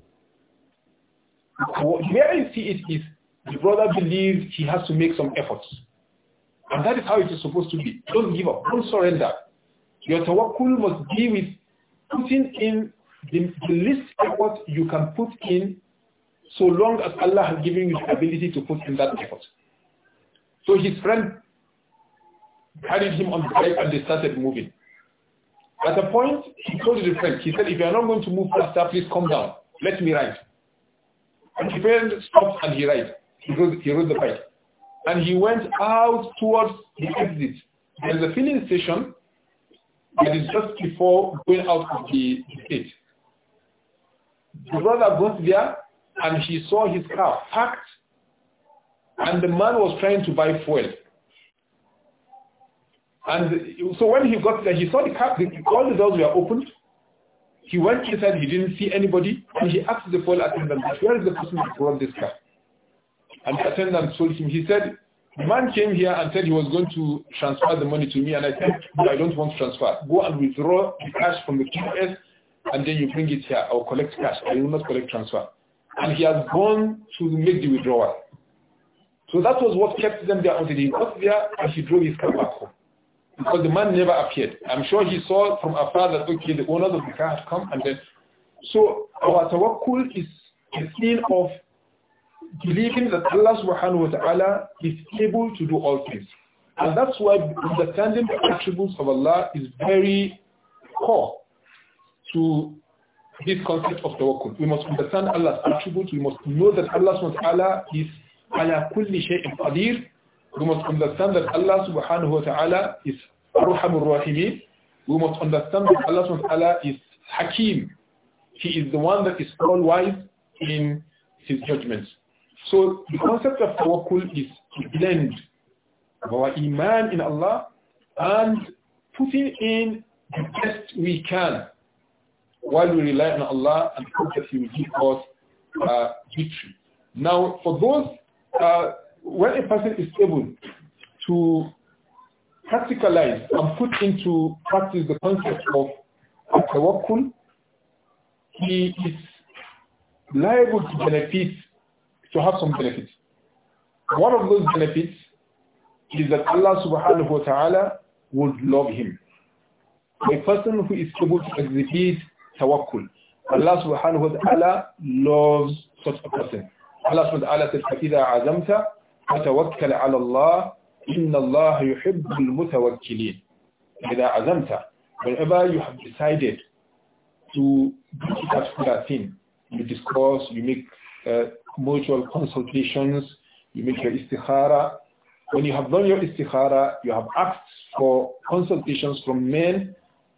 Where I see it is, the brother believes he has to make some efforts. And that is how it is supposed to be. Don't give up. Don't surrender. Your tawakkul must be with putting in the, the least effort you can put in so long as Allah has given you the ability to put in that effort. So his friend carried him on the bike and they started moving. At a point, he told his friend, he said, if you are not going to move faster, please come down. Let me ride. And the friend stopped and he ride. He rode, he rode the bike. And he went out towards the exit. There's a filling station that is just before going out of the, the gate. The brother goes there, and he saw his car parked and the man was trying to buy fuel. And so when he got there, he saw the car, all the doors were opened. He went inside, he didn't see anybody, and he asked the fuel attendant, where is the person who brought this car? And the attendant told him, he said, the man came here and said he was going to transfer the money to me, and I said, I don't want to transfer. Go and withdraw the cash from the QS, and then you bring it here. I'll collect cash. I will not collect transfer and he has gone to make the withdrawal. So that was what kept them there until he got there and he drove his car back home. Because the man never appeared. I'm sure he saw from afar that, okay, the owners of the car had come and then... So our tawakkul is a thing of believing that Allah subhanahu wa ta'ala is able to do all things. And that's why understanding the attributes of Allah is very core to this concept of tawakkul. We must understand Allah's attributes. We must know that Allah subhanahu is ala kulli shay'in qadir. We must understand that Allah subhanahu wa ta'ala is arhamur rahimin. We must understand that Allah subhanahu wa ta'ala is hakim. He is the one that is all-wise in his judgments. So the concept of tawakkul is to blend our iman in Allah and putting in the best we can while we rely on Allah and hope that He will give us uh, victory. Now, for those, uh, when a person is able to practicalize and put into practice the concept of tawakkul, he is liable to benefit, to have some benefits. One of those benefits is that Allah subhanahu wa ta'ala would love him. A person who is able to exhibit tawakkul. Allah subhanahu wa ta'ala loves such a person. Allah subhanahu wa ta'ala says, فَإِذَا عَزَمْتَ فَتَوَكَّلْ عَلَى اللَّهِ إِنَّ اللَّهَ يُحِبُّ الْمُتَوَكِّلِينَ فَإِذَا عَزَمْتَ Whenever you have decided to do a particular thing, you discuss, you make uh, mutual consultations, you make your istikhara. When you have done your istikhara, you have asked for consultations from men,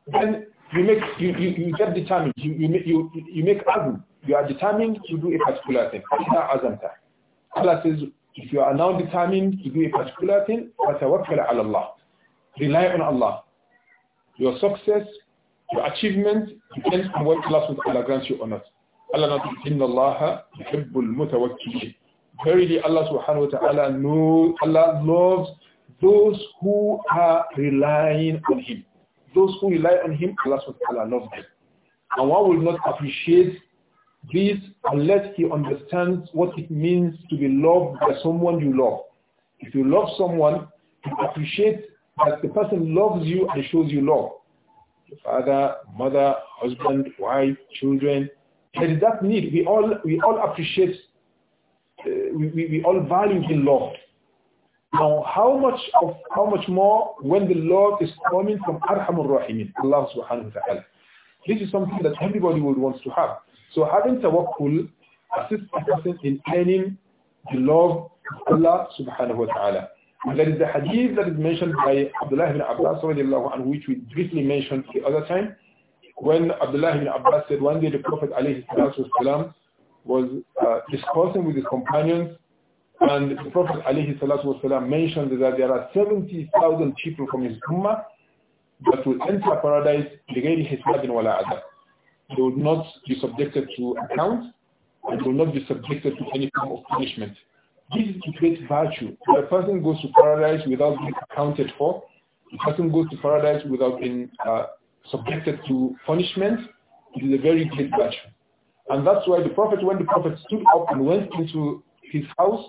then you make you, you, you get determined. You you you, you make azm. You are determined to do a particular thing. azamta. Allah says, if you are now determined to do a particular thing, فَتَوَكَّلَ Allah. اللَّهِ Rely on Allah. Your success, your achievement depends on what Allah grants you or Allah Verily Allah subhanahu wa ta'ala knows, Allah loves those who are relying on Him. Those who rely on him, Allah subhanahu loves them. And one will not appreciate this unless he understands what it means to be loved by someone you love. If you love someone, you appreciate that the person loves you and shows you love. Father, mother, husband, wife, children. There is that need. We all, we all appreciate, uh, we, we, we all value being loved. Now, how much of how much more when the Lord is coming from Arhamur Rahimin, Allah Subhanahu wa Taala. This is something that everybody would want to have. So having tawakkul assists a person in earning the love of Allah Subhanahu wa Taala. And there is the hadith that is mentioned by Abdullah ibn Abbas and which we briefly mentioned the other time, when Abdullah ibn Abbas said one day the Prophet was uh, discussing with his companions and the Prophet والسلام, mentioned that there are 70,000 people from his ummah that will enter paradise بغير حساب ولا عذاب. They will not be subjected to account and will not be subjected to any form of punishment. This is a great virtue. A person goes to paradise without being accounted for. A person goes to paradise without being uh, subjected to punishment. It is a very great virtue. And that's why the Prophet, when the Prophet stood up and went into his house,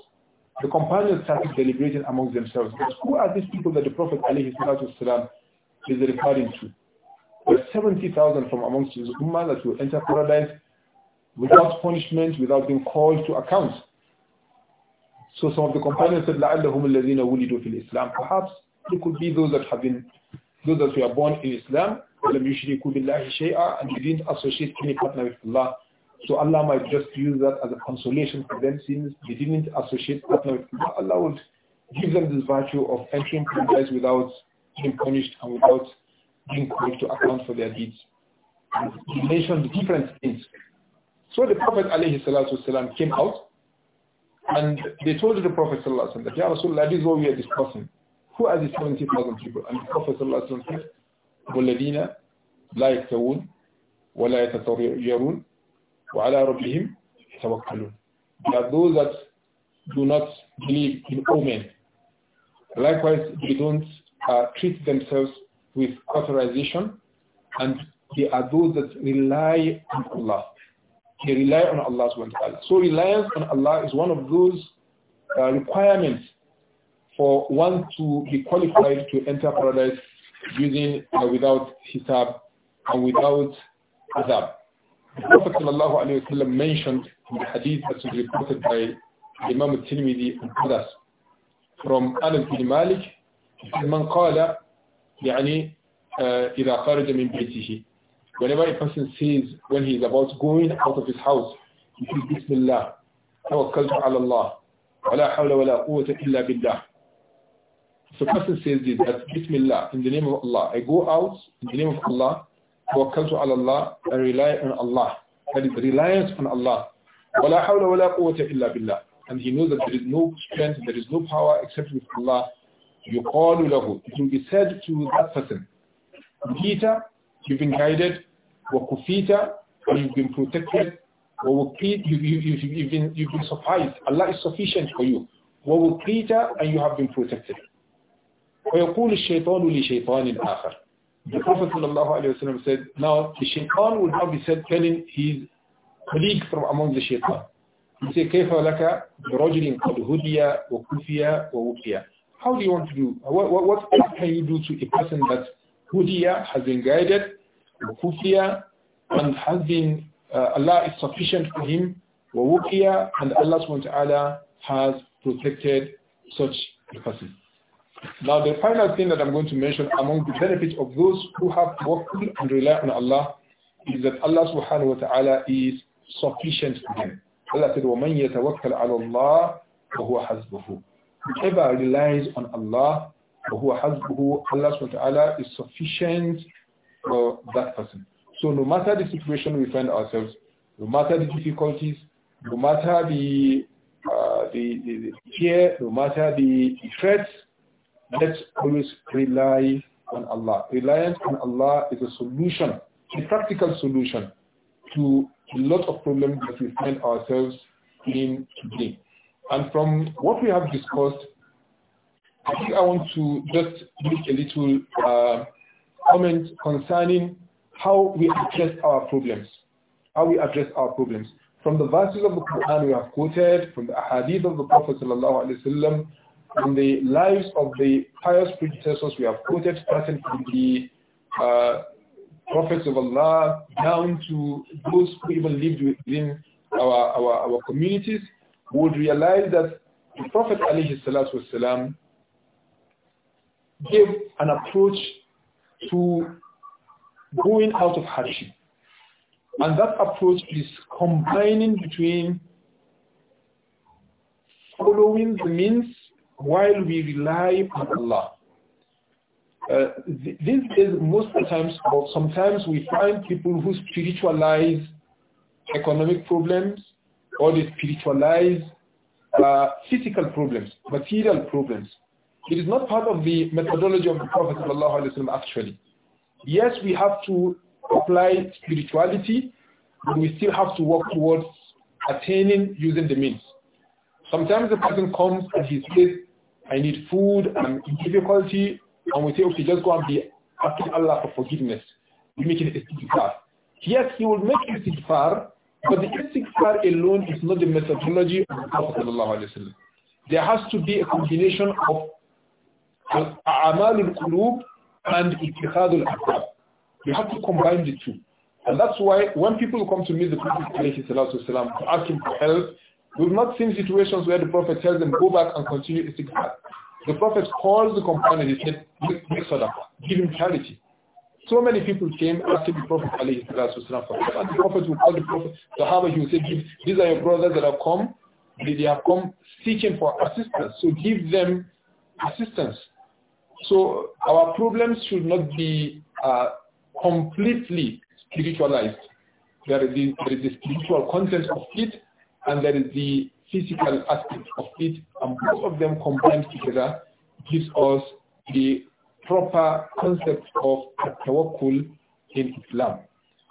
the companions started deliberating among themselves. Who are these people that the Prophet ﷺ is referring to? There are 70,000 from amongst his ummah that will enter paradise without punishment, without being called to account. So some of the companions said, لَعَلَّهُمُ الَّذِينَ وُلِدُوا فِي الْإِسْلَامِ Perhaps it could be those that have been, those that were born in Islam, وَلَمْ يُشْرِكُوا بِاللَّهِ شَيْئًا and they didn't associate any partner with Allah so Allah might just use that as a consolation for them since they didn't associate partner with Allah. Allah would give them this virtue of entering paradise without being punished and without being called to account for their deeds. And he mentioned different things. So the Prophet والسلام, came out and they told the Prophet وسلم, that, Ya Rasulullah, this is what we are discussing. Who are these 70,000 people? And the Prophet وسلم, said, وَالَّذِينَ لَا يَكْتَوُونَ وَلَا يَتَطَيَّرُونَ وَعَلَىٰ They are those that do not believe in omen. Likewise, they don't uh, treat themselves with authorization and they are those that rely on Allah. They rely on Allah So reliance on Allah is one of those uh, requirements for one to be qualified to enter paradise using uh, without hisab and without azab. The Prophet ﷺ mentioned in the hadith that was reported by Imam al-Tirmidhi and others from Anas bin Malik من قال يعني uh, إذا خرج من بيته whenever a person says when he is about going out of his house he says بسم الله توكلت على الله ولا حول ولا قوة إلا بالله so person says this that بسم in the name of Allah I go out in the name of Allah توكلت على الله I rely on Allah that is reliance on Allah ولا حول ولا قوة إلا بالله and he knows that there is no strength there is no power except with Allah يقال له it will be said to that person هديت you've been guided وكفيت you've been protected ووقيت you, you've been you've been sufficed Allah is sufficient for you ووقيت and you have been protected ويقول الشيطان لشيطان آخر the Prophet ﷺ said, now the shaitan will now be said telling his colleague from among the shaitan. He said, كيف لك برجل قد هدي وكفي ووقي How do you want to do? What, what, what can you do to a person that hudiya has been guided, وكفي and has been, uh, Allah is sufficient for him, ووقي and Allah subhanahu wa ta'ala has protected such a person. Now the final thing that I'm going to mention among the benefits of those who have tawakkul and rely on Allah is that Allah subhanahu wa ta'ala is sufficient for them. Allah said, وَمَنْ يَتَوَكَّلْ عَلَى اللَّهِ وَهُوَ حَزْبُهُ Whoever relies on Allah, وَهُوَ حَزْبُهُ Allah subhanahu wa ta'ala is sufficient for that person. So no matter the situation we find ourselves, no matter the difficulties, no matter the, uh, the, the, the fear, no matter the threats, let's always rely on Allah. Reliance on Allah is a solution, a practical solution to a lot of problems that we find ourselves in today. And from what we have discussed, I think I want to just make a little uh, comment concerning how we address our problems. How we address our problems. From the verses of the Quran we have quoted, from the hadith of the Prophet sallallahu alaihi wasallam, from the lives of the pious predecessors we have quoted, starting from the uh, prophets of Allah down to those who even lived within our, our, our communities, would realize that the Prophet salam gave an approach to going out of hardship. And that approach is combining between following the means while we rely on Allah. Uh, th this is most times, or sometimes we find people who spiritualize economic problems or they spiritualize uh, physical problems, material problems. It is not part of the methodology of the Prophet ﷺ actually. Yes, we have to apply spirituality, but we still have to work towards attaining using the means. Sometimes the person comes and he says, I need food, I'm in difficulty, and we say, okay, just go and be asking Allah for forgiveness. We make it istighfar. Yes, he will make istighfar, but the istighfar alone is not the methodology of the Prophet There has to be a combination of amal al and ittikhad al-asbab. You have to combine the two. And that's why when people come to meet the Prophet to ask him for help, We've not seen situations where the Prophet tells them, go back and continue istighfar. The Prophet calls the companion and he said, make sadaqah, give him charity. So many people came asking the Prophet alayhi And the Prophet would call the Prophet, Sahaba, he would say, these are your brothers that have come. They have come seeking for assistance. So give them assistance. So our problems should not be uh, completely spiritualized. There is, the, there is the spiritual content of it, and there is the physical aspect of it, and both of them combined together gives us the proper concept of tawakkul in Islam.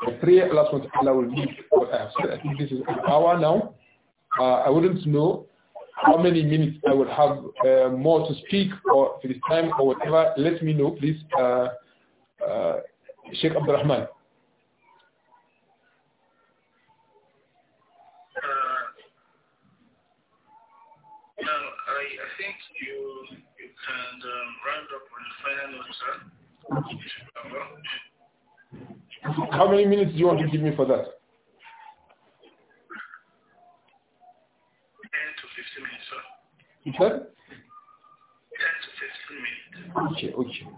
The three last ones wa will leave. what I have said. I think this is an hour now. Uh, I wouldn't know how many minutes I will have uh, more to speak or this time or whatever. Let me know, please, uh, uh Sheikh Rahman. How many minutes do you want to give me for that? 10 to 15 minutes, sir. You 10 to 15 minutes. Okay, okay.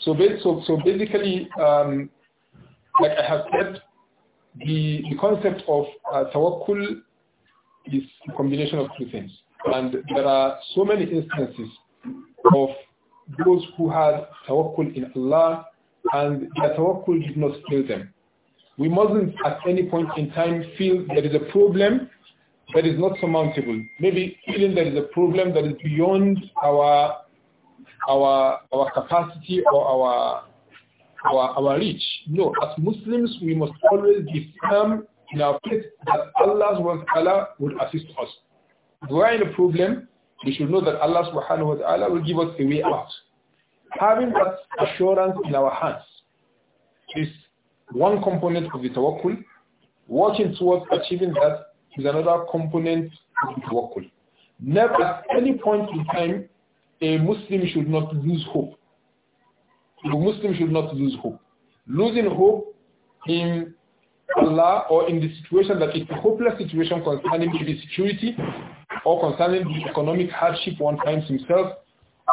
So, so, so basically, um, like I have said, the, the concept of uh, tawakkul is a combination of two things. And there are so many instances of those who had tawakkul in Allah and their tawakkul did not fail them. We mustn't at any point in time feel there is a problem that is not surmountable. Maybe feeling there is a problem that is beyond our our our capacity or our our our reach. No, as Muslims we must always be firm in our faith that Allah would assist us. If we are in a problem, we should know that Allah subhanahu wa ta'ala will give us a way out. Having that assurance in our hands is one component of the tawakkul. Working towards achieving that is another component of the tawakkul. Never at any point in time, a Muslim should not lose hope. A Muslim should not lose hope. Losing hope in Allah or in the situation that it's a hopeless situation concerning the security or concerning the economic hardship one finds himself,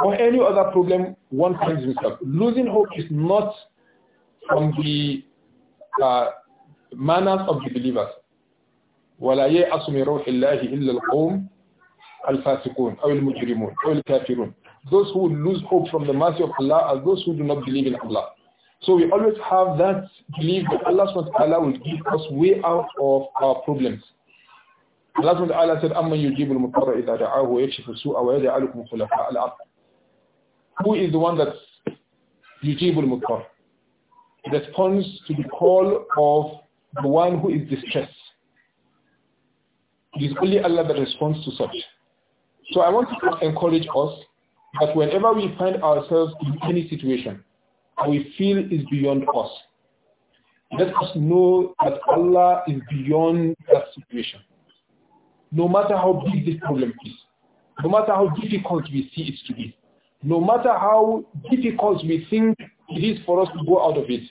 or any other problem one finds himself. Losing hope is not from the uh, manners of the believers. ولا من روح الله إلا القوم الفاسقون أو المجرمون أو الكافرون Those who lose hope from the mercy of Allah are those who do not believe in Allah. So we always have that belief that Allah subhanahu wa ta'ala will give us way out of our problems. Allah subhanahu wa ta'ala said, "Amman idha da'ahu wa yakshifu su'a wa yaj'alukum khulafa al-ard." Who is the one that yujibul Responds to the call of the one who is distressed. It is only Allah that responds to such. So I want to encourage us that whenever we find ourselves in any situation we feel is beyond us, let us know that Allah is beyond that situation no matter how big this problem is, no matter how difficult we see it to be, no matter how difficult we think it is for us to go out of it,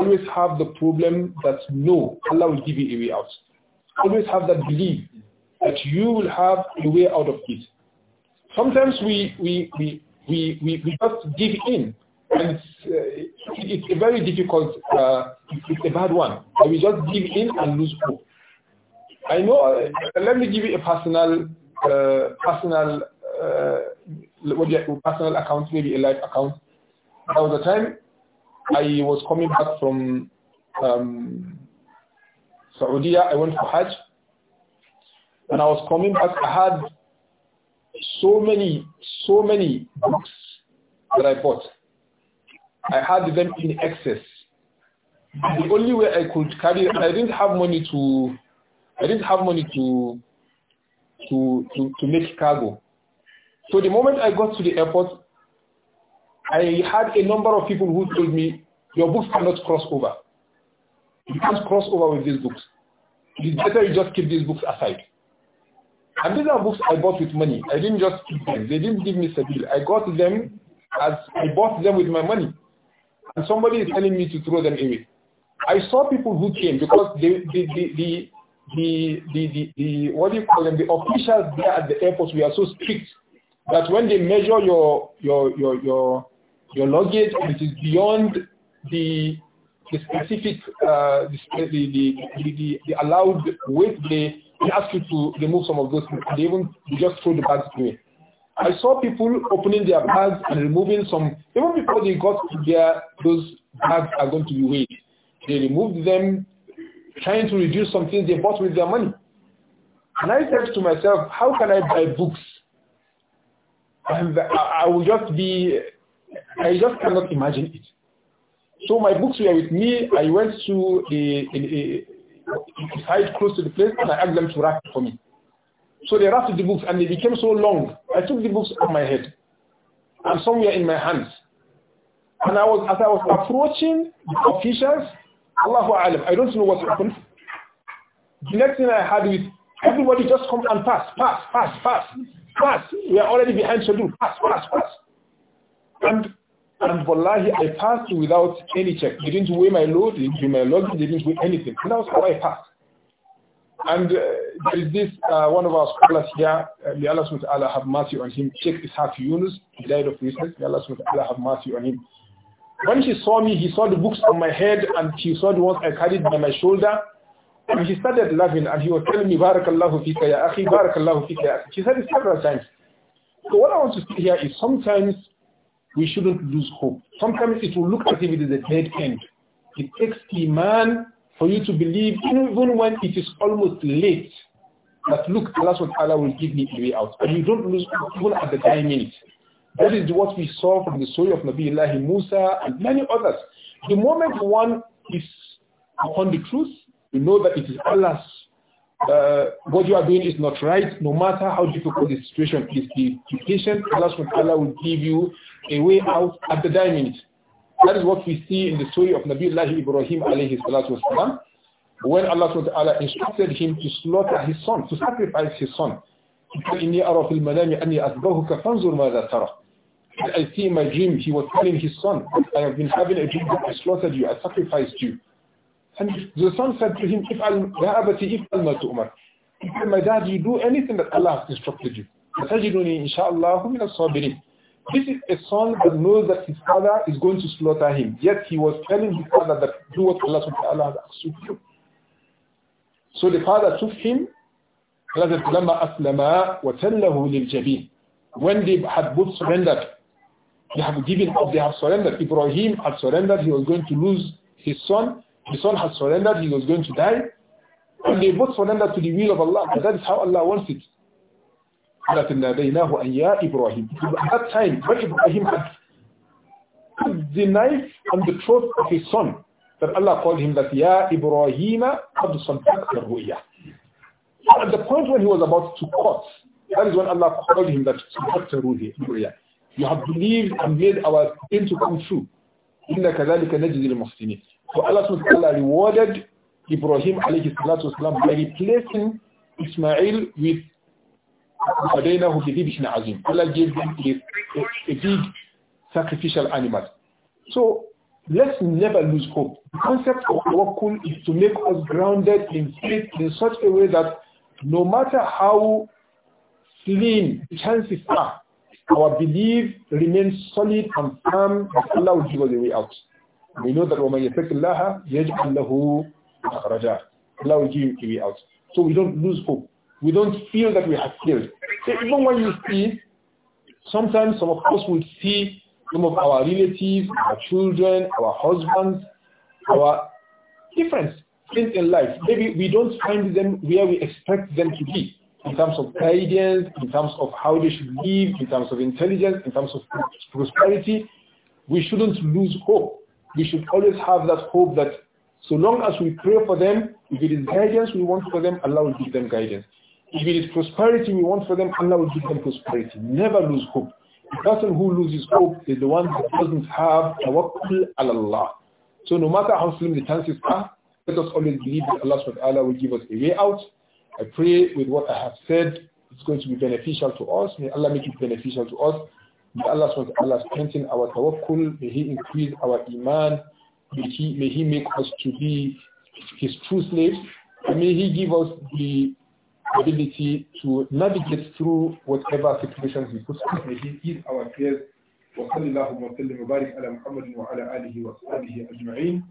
always have the problem that no, Allah will give you a way out. Always have that belief that you will have a way out of it. Sometimes we, we, we, we, we, we just give in. And it's, uh, it's a very difficult, uh, it's a bad one. And we just give in and lose hope. I know, uh, let me give you a personal, uh, personal, uh, personal account, maybe a life account. At the time I was coming back from um, Saudi. I went for Hajj. And I was coming back, I had so many, so many books that I bought. I had them in excess. The only way I could carry, and I didn't have money to I didn't have money to to to, to make cargo. So the moment I got to the airport, I had a number of people who told me, your books cannot cross over. You can't cross over with these books. It's better you just keep these books aside. And these are books I bought with money. I didn't just keep them. They didn't give me a deal. I got them as I bought them with my money. And somebody is telling me to throw them away. I saw people who came because the, the, the, the, the, the, the, what do you call them, the officials there at the airport are so strict that when they measure your, your, your, your, your luggage and it is beyond the, the specific, uh, the, the, the, the, allowed weight, they, they ask you to remove some of those things. They even they just throw the bags away. I saw people opening their bags and removing some, even before they got there, those bags are going to be weighed. They removed them, trying to reduce some things they bought with their money. And I said to myself, how can I buy books? And I will just be, I just cannot imagine it. So my books were with me. I went to a, a, a site close to the place and I asked them to wrap it for me. So they wrapped the books and they became so long. I took the books on my head and somewhere in my hands. And I was, as I was approaching the officials, Allahu Alam. I don't know what happened. The next thing I had is everybody just come and pass, pass, pass, pass, pass. We are already behind schedule. Pass, pass, pass. And and wallahi, I passed without any check. They didn't weigh my load, they didn't weigh my luggage, they didn't weigh anything. And that was how I passed. And uh, there is this, uh, one of our scholars here, uh, may Allah have mercy on him, Sheikh Ishaq Yunus, he died of recent, may Allah have mercy on him. When she saw me, he saw the books on my head and she saw the ones I carried by my shoulder. And he started laughing and he was telling me, Barakallahu fika ya akhi, Barakallahu fika ya She said it several times. So what I want to say here is sometimes we shouldn't lose hope. Sometimes it will look as if it is a dead end. It takes man for you to believe even when it is almost late that look, Allah subhanahu wa will give me a way out. And you don't lose hope even at the dying minute. That is what we saw from the story of Nabi Allah Musa and many others. The moment one is upon the truth, you know that it is Allah's. Uh, what you are doing is not right, no matter how difficult the situation is. Be, patient. Allah Allah will give you a way out at the diamond. That is what we see in the story of Nabi Allah Ibrahim alayhi salatu when Allah instructed him to slaughter his son, to sacrifice his son. إني أرى في أني I see in my dream, he was telling his son, I have been having a dream that I slaughtered you, I sacrificed you. And the son said to him, if I'm Umar." He said, my dad, you do anything that Allah has instructed you. This is a son that knows that his father is going to slaughter him. Yet he was telling his father that do what Allah subhanahu wa ta'ala has asked you So the father took him, Allah said, When they had both surrendered, they have given up, they have surrendered. Ibrahim had surrendered, he was going to lose his son. His son had surrendered, he was going to die. And they both surrendered to the will of Allah, and that is how Allah wants it. At that time, when Ibrahim had put the knife on the throat of his son, that Allah called him that, Ya Ibrahim, At the point when he was about to cut, that is when Allah called him that, you have believed and made our aim to come true. إِنَّا كَذَلِكَ نَجْزِي الْمُحْسِنِينَ So Allah subhanahu rewarded Ibrahim alayhi salatu wasalam by replacing Ismail with وَدَيْنَهُ بِذِبْحٍ عَظِيمٍ Allah gave them a, a, a big sacrificial animal. So let's never lose hope. The concept of tawakkul is to make us grounded in faith in such a way that no matter how slim chances are, our belief remains solid and firm that Allah will give us the way out. We know that وَمَنْ يَتَقِ اللَّهَ يَجْعَلْ لَهُ مَخْرَجًا Allah will give you the way out. So we don't lose hope. We don't feel that we have failed. So even when you see, sometimes some of us will see some of our relatives, our children, our husbands, our different things in life. Maybe we don't find them where we expect them to be in terms of guidance, in terms of how they should live, in terms of intelligence, in terms of prosperity, we shouldn't lose hope. We should always have that hope that so long as we pray for them, if it is guidance we want for them, Allah will give them guidance. If it is prosperity we want for them, Allah will give them prosperity. Never lose hope. The person who loses hope is the one who doesn't have tawakkul Allah. So no matter how slim the chances are, let us always believe that Allah subhanahu wa ta'ala will give us a way out I pray with what I have said, it's going to be beneficial to us. May Allah make it beneficial to us. May Allah, Allah strengthen our tawakkul. May He increase our iman. May He, may he make us to be His true slaves. And may He give us the ability to navigate through whatever situations He puts us. May He ease our fears. وصلى اللهم وسلم وبارك على محمد وعلى آله وأصحابه أجمعين.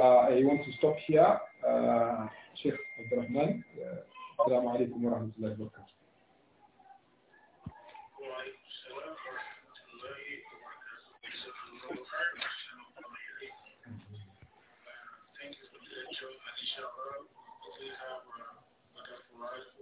I want to stop here. Uh, Sheikh Abdurrahman. Uh, السلام عليكم ورحمة الله وبركاته Thank you for the have a wonderful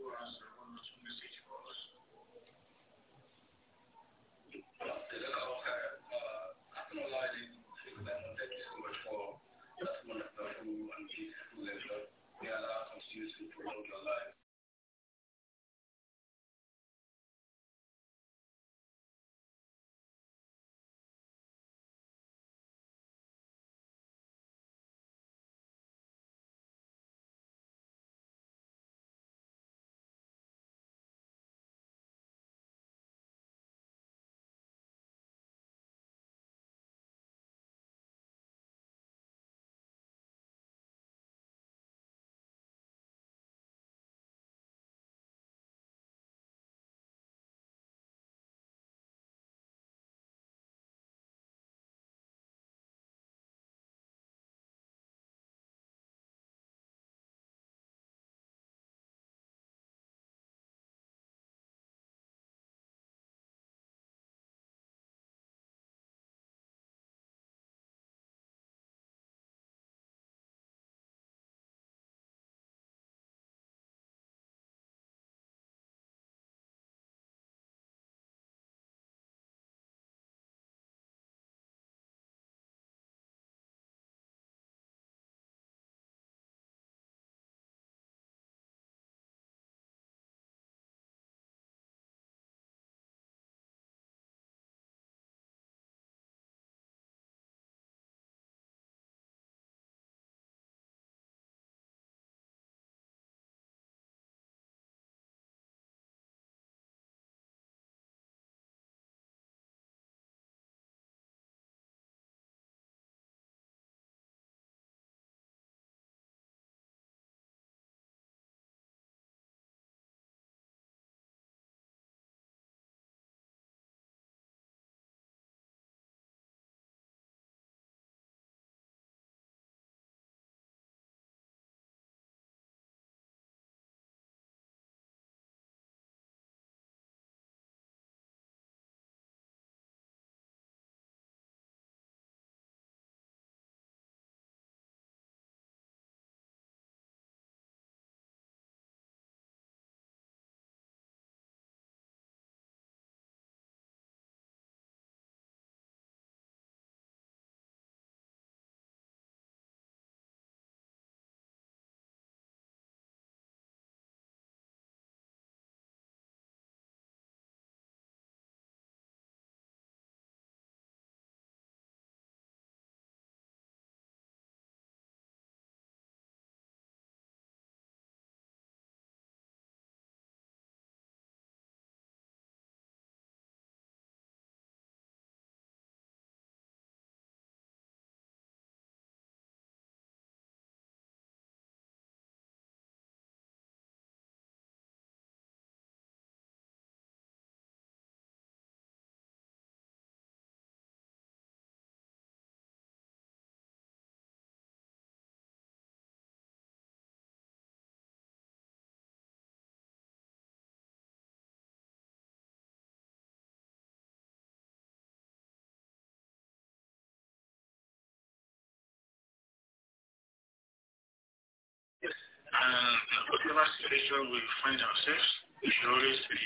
Uh, and whatever situation we find ourselves, we should always be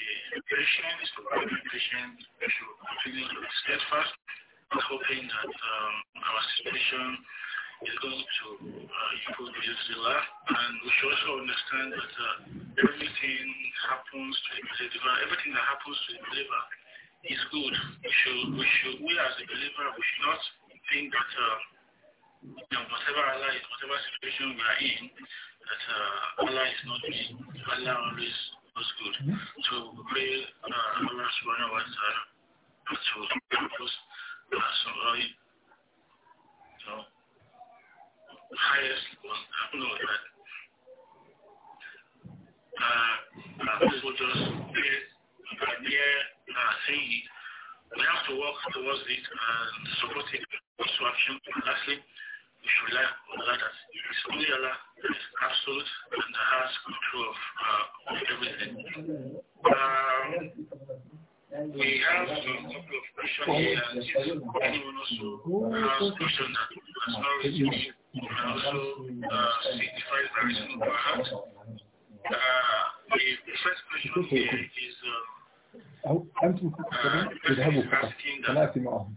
patient, so be patient, we should continue to be steadfast, hoping that um, our situation is going to uh, improve Israel. And we should also understand that uh, everything happens to the believer, everything that happens to the believer is good. We should, we should, we as a believer, we should not think that uh, you know, whatever Allah is, whatever situation we are in, that uh, Allah is not good. Allah always was good. Hmm? So we pray uh, Allah subhanahu wa ta'ala to help us uh, survive the highest one, uh, that uh, uh, people just bear, uh, uh, saying it. We have to work towards it and support it with action. lastly, we should like Allah that it is only Allah that is absolute and has control of, uh, of everything. Um, we have a couple of questions here and if anyone also has questions that has not received, we can also uh, signify there is no perhaps. Uh, the first question here is um, أو أنتم تذهبوا فقط ثلاثة معهم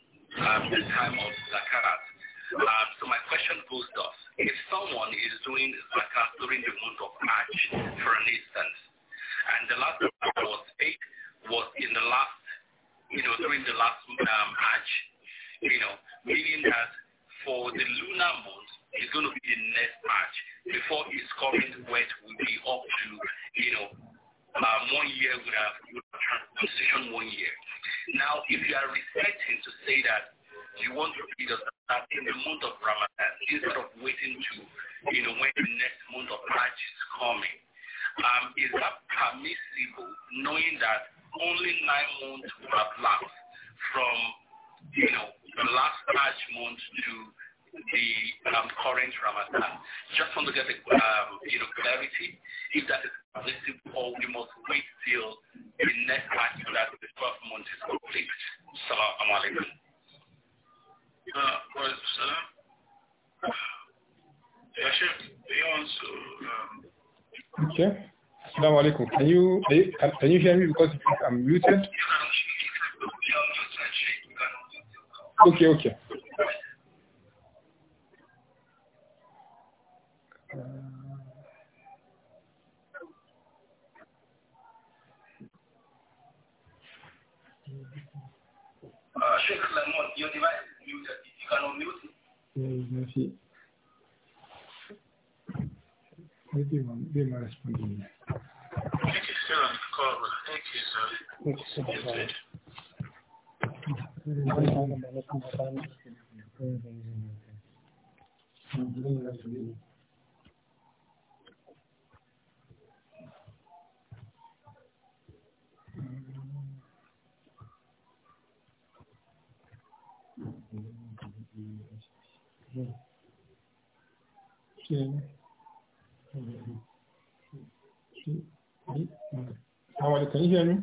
um, the time of Zakat. Um, so my question goes thus. If someone is doing Zakat during the month of March, for an instance, and the last Zakat was eight, was in the last, you know, during the last um, March, you know, meaning that for the lunar month, it's going to be the next March before his current weight will be up to, you know, um, one year would have, would have transition one year. Now, if you are reciting to say that you want to read the that in the month of Ramadan, instead of waiting to, you know, when the next month of Hajj is coming, um, is that permissible knowing that only nine months will have lapsed from, you know, the last Hajj month to the um, current Ramadan. Just want to get the, um, you know, clarity if that is listen to we must wait till the next time that the 12 months is complete. Salaam alaikum. Uh, well, sir, uh, Yashif, do you want to... Um... Okay. Salaam alaikum. Can you, eh, can, can you hear me because I'm muted? Okay, okay. Uh, Uh, Sheikh Lamont, your device is muted. If you can unmute it. Yeah, it's it. Maybe Thank you, sir. Thank you, Thank you, sir. Thank you, Thank you. 嗯，行，嗯嗯，行，嗯嗯，好，我就等一下了。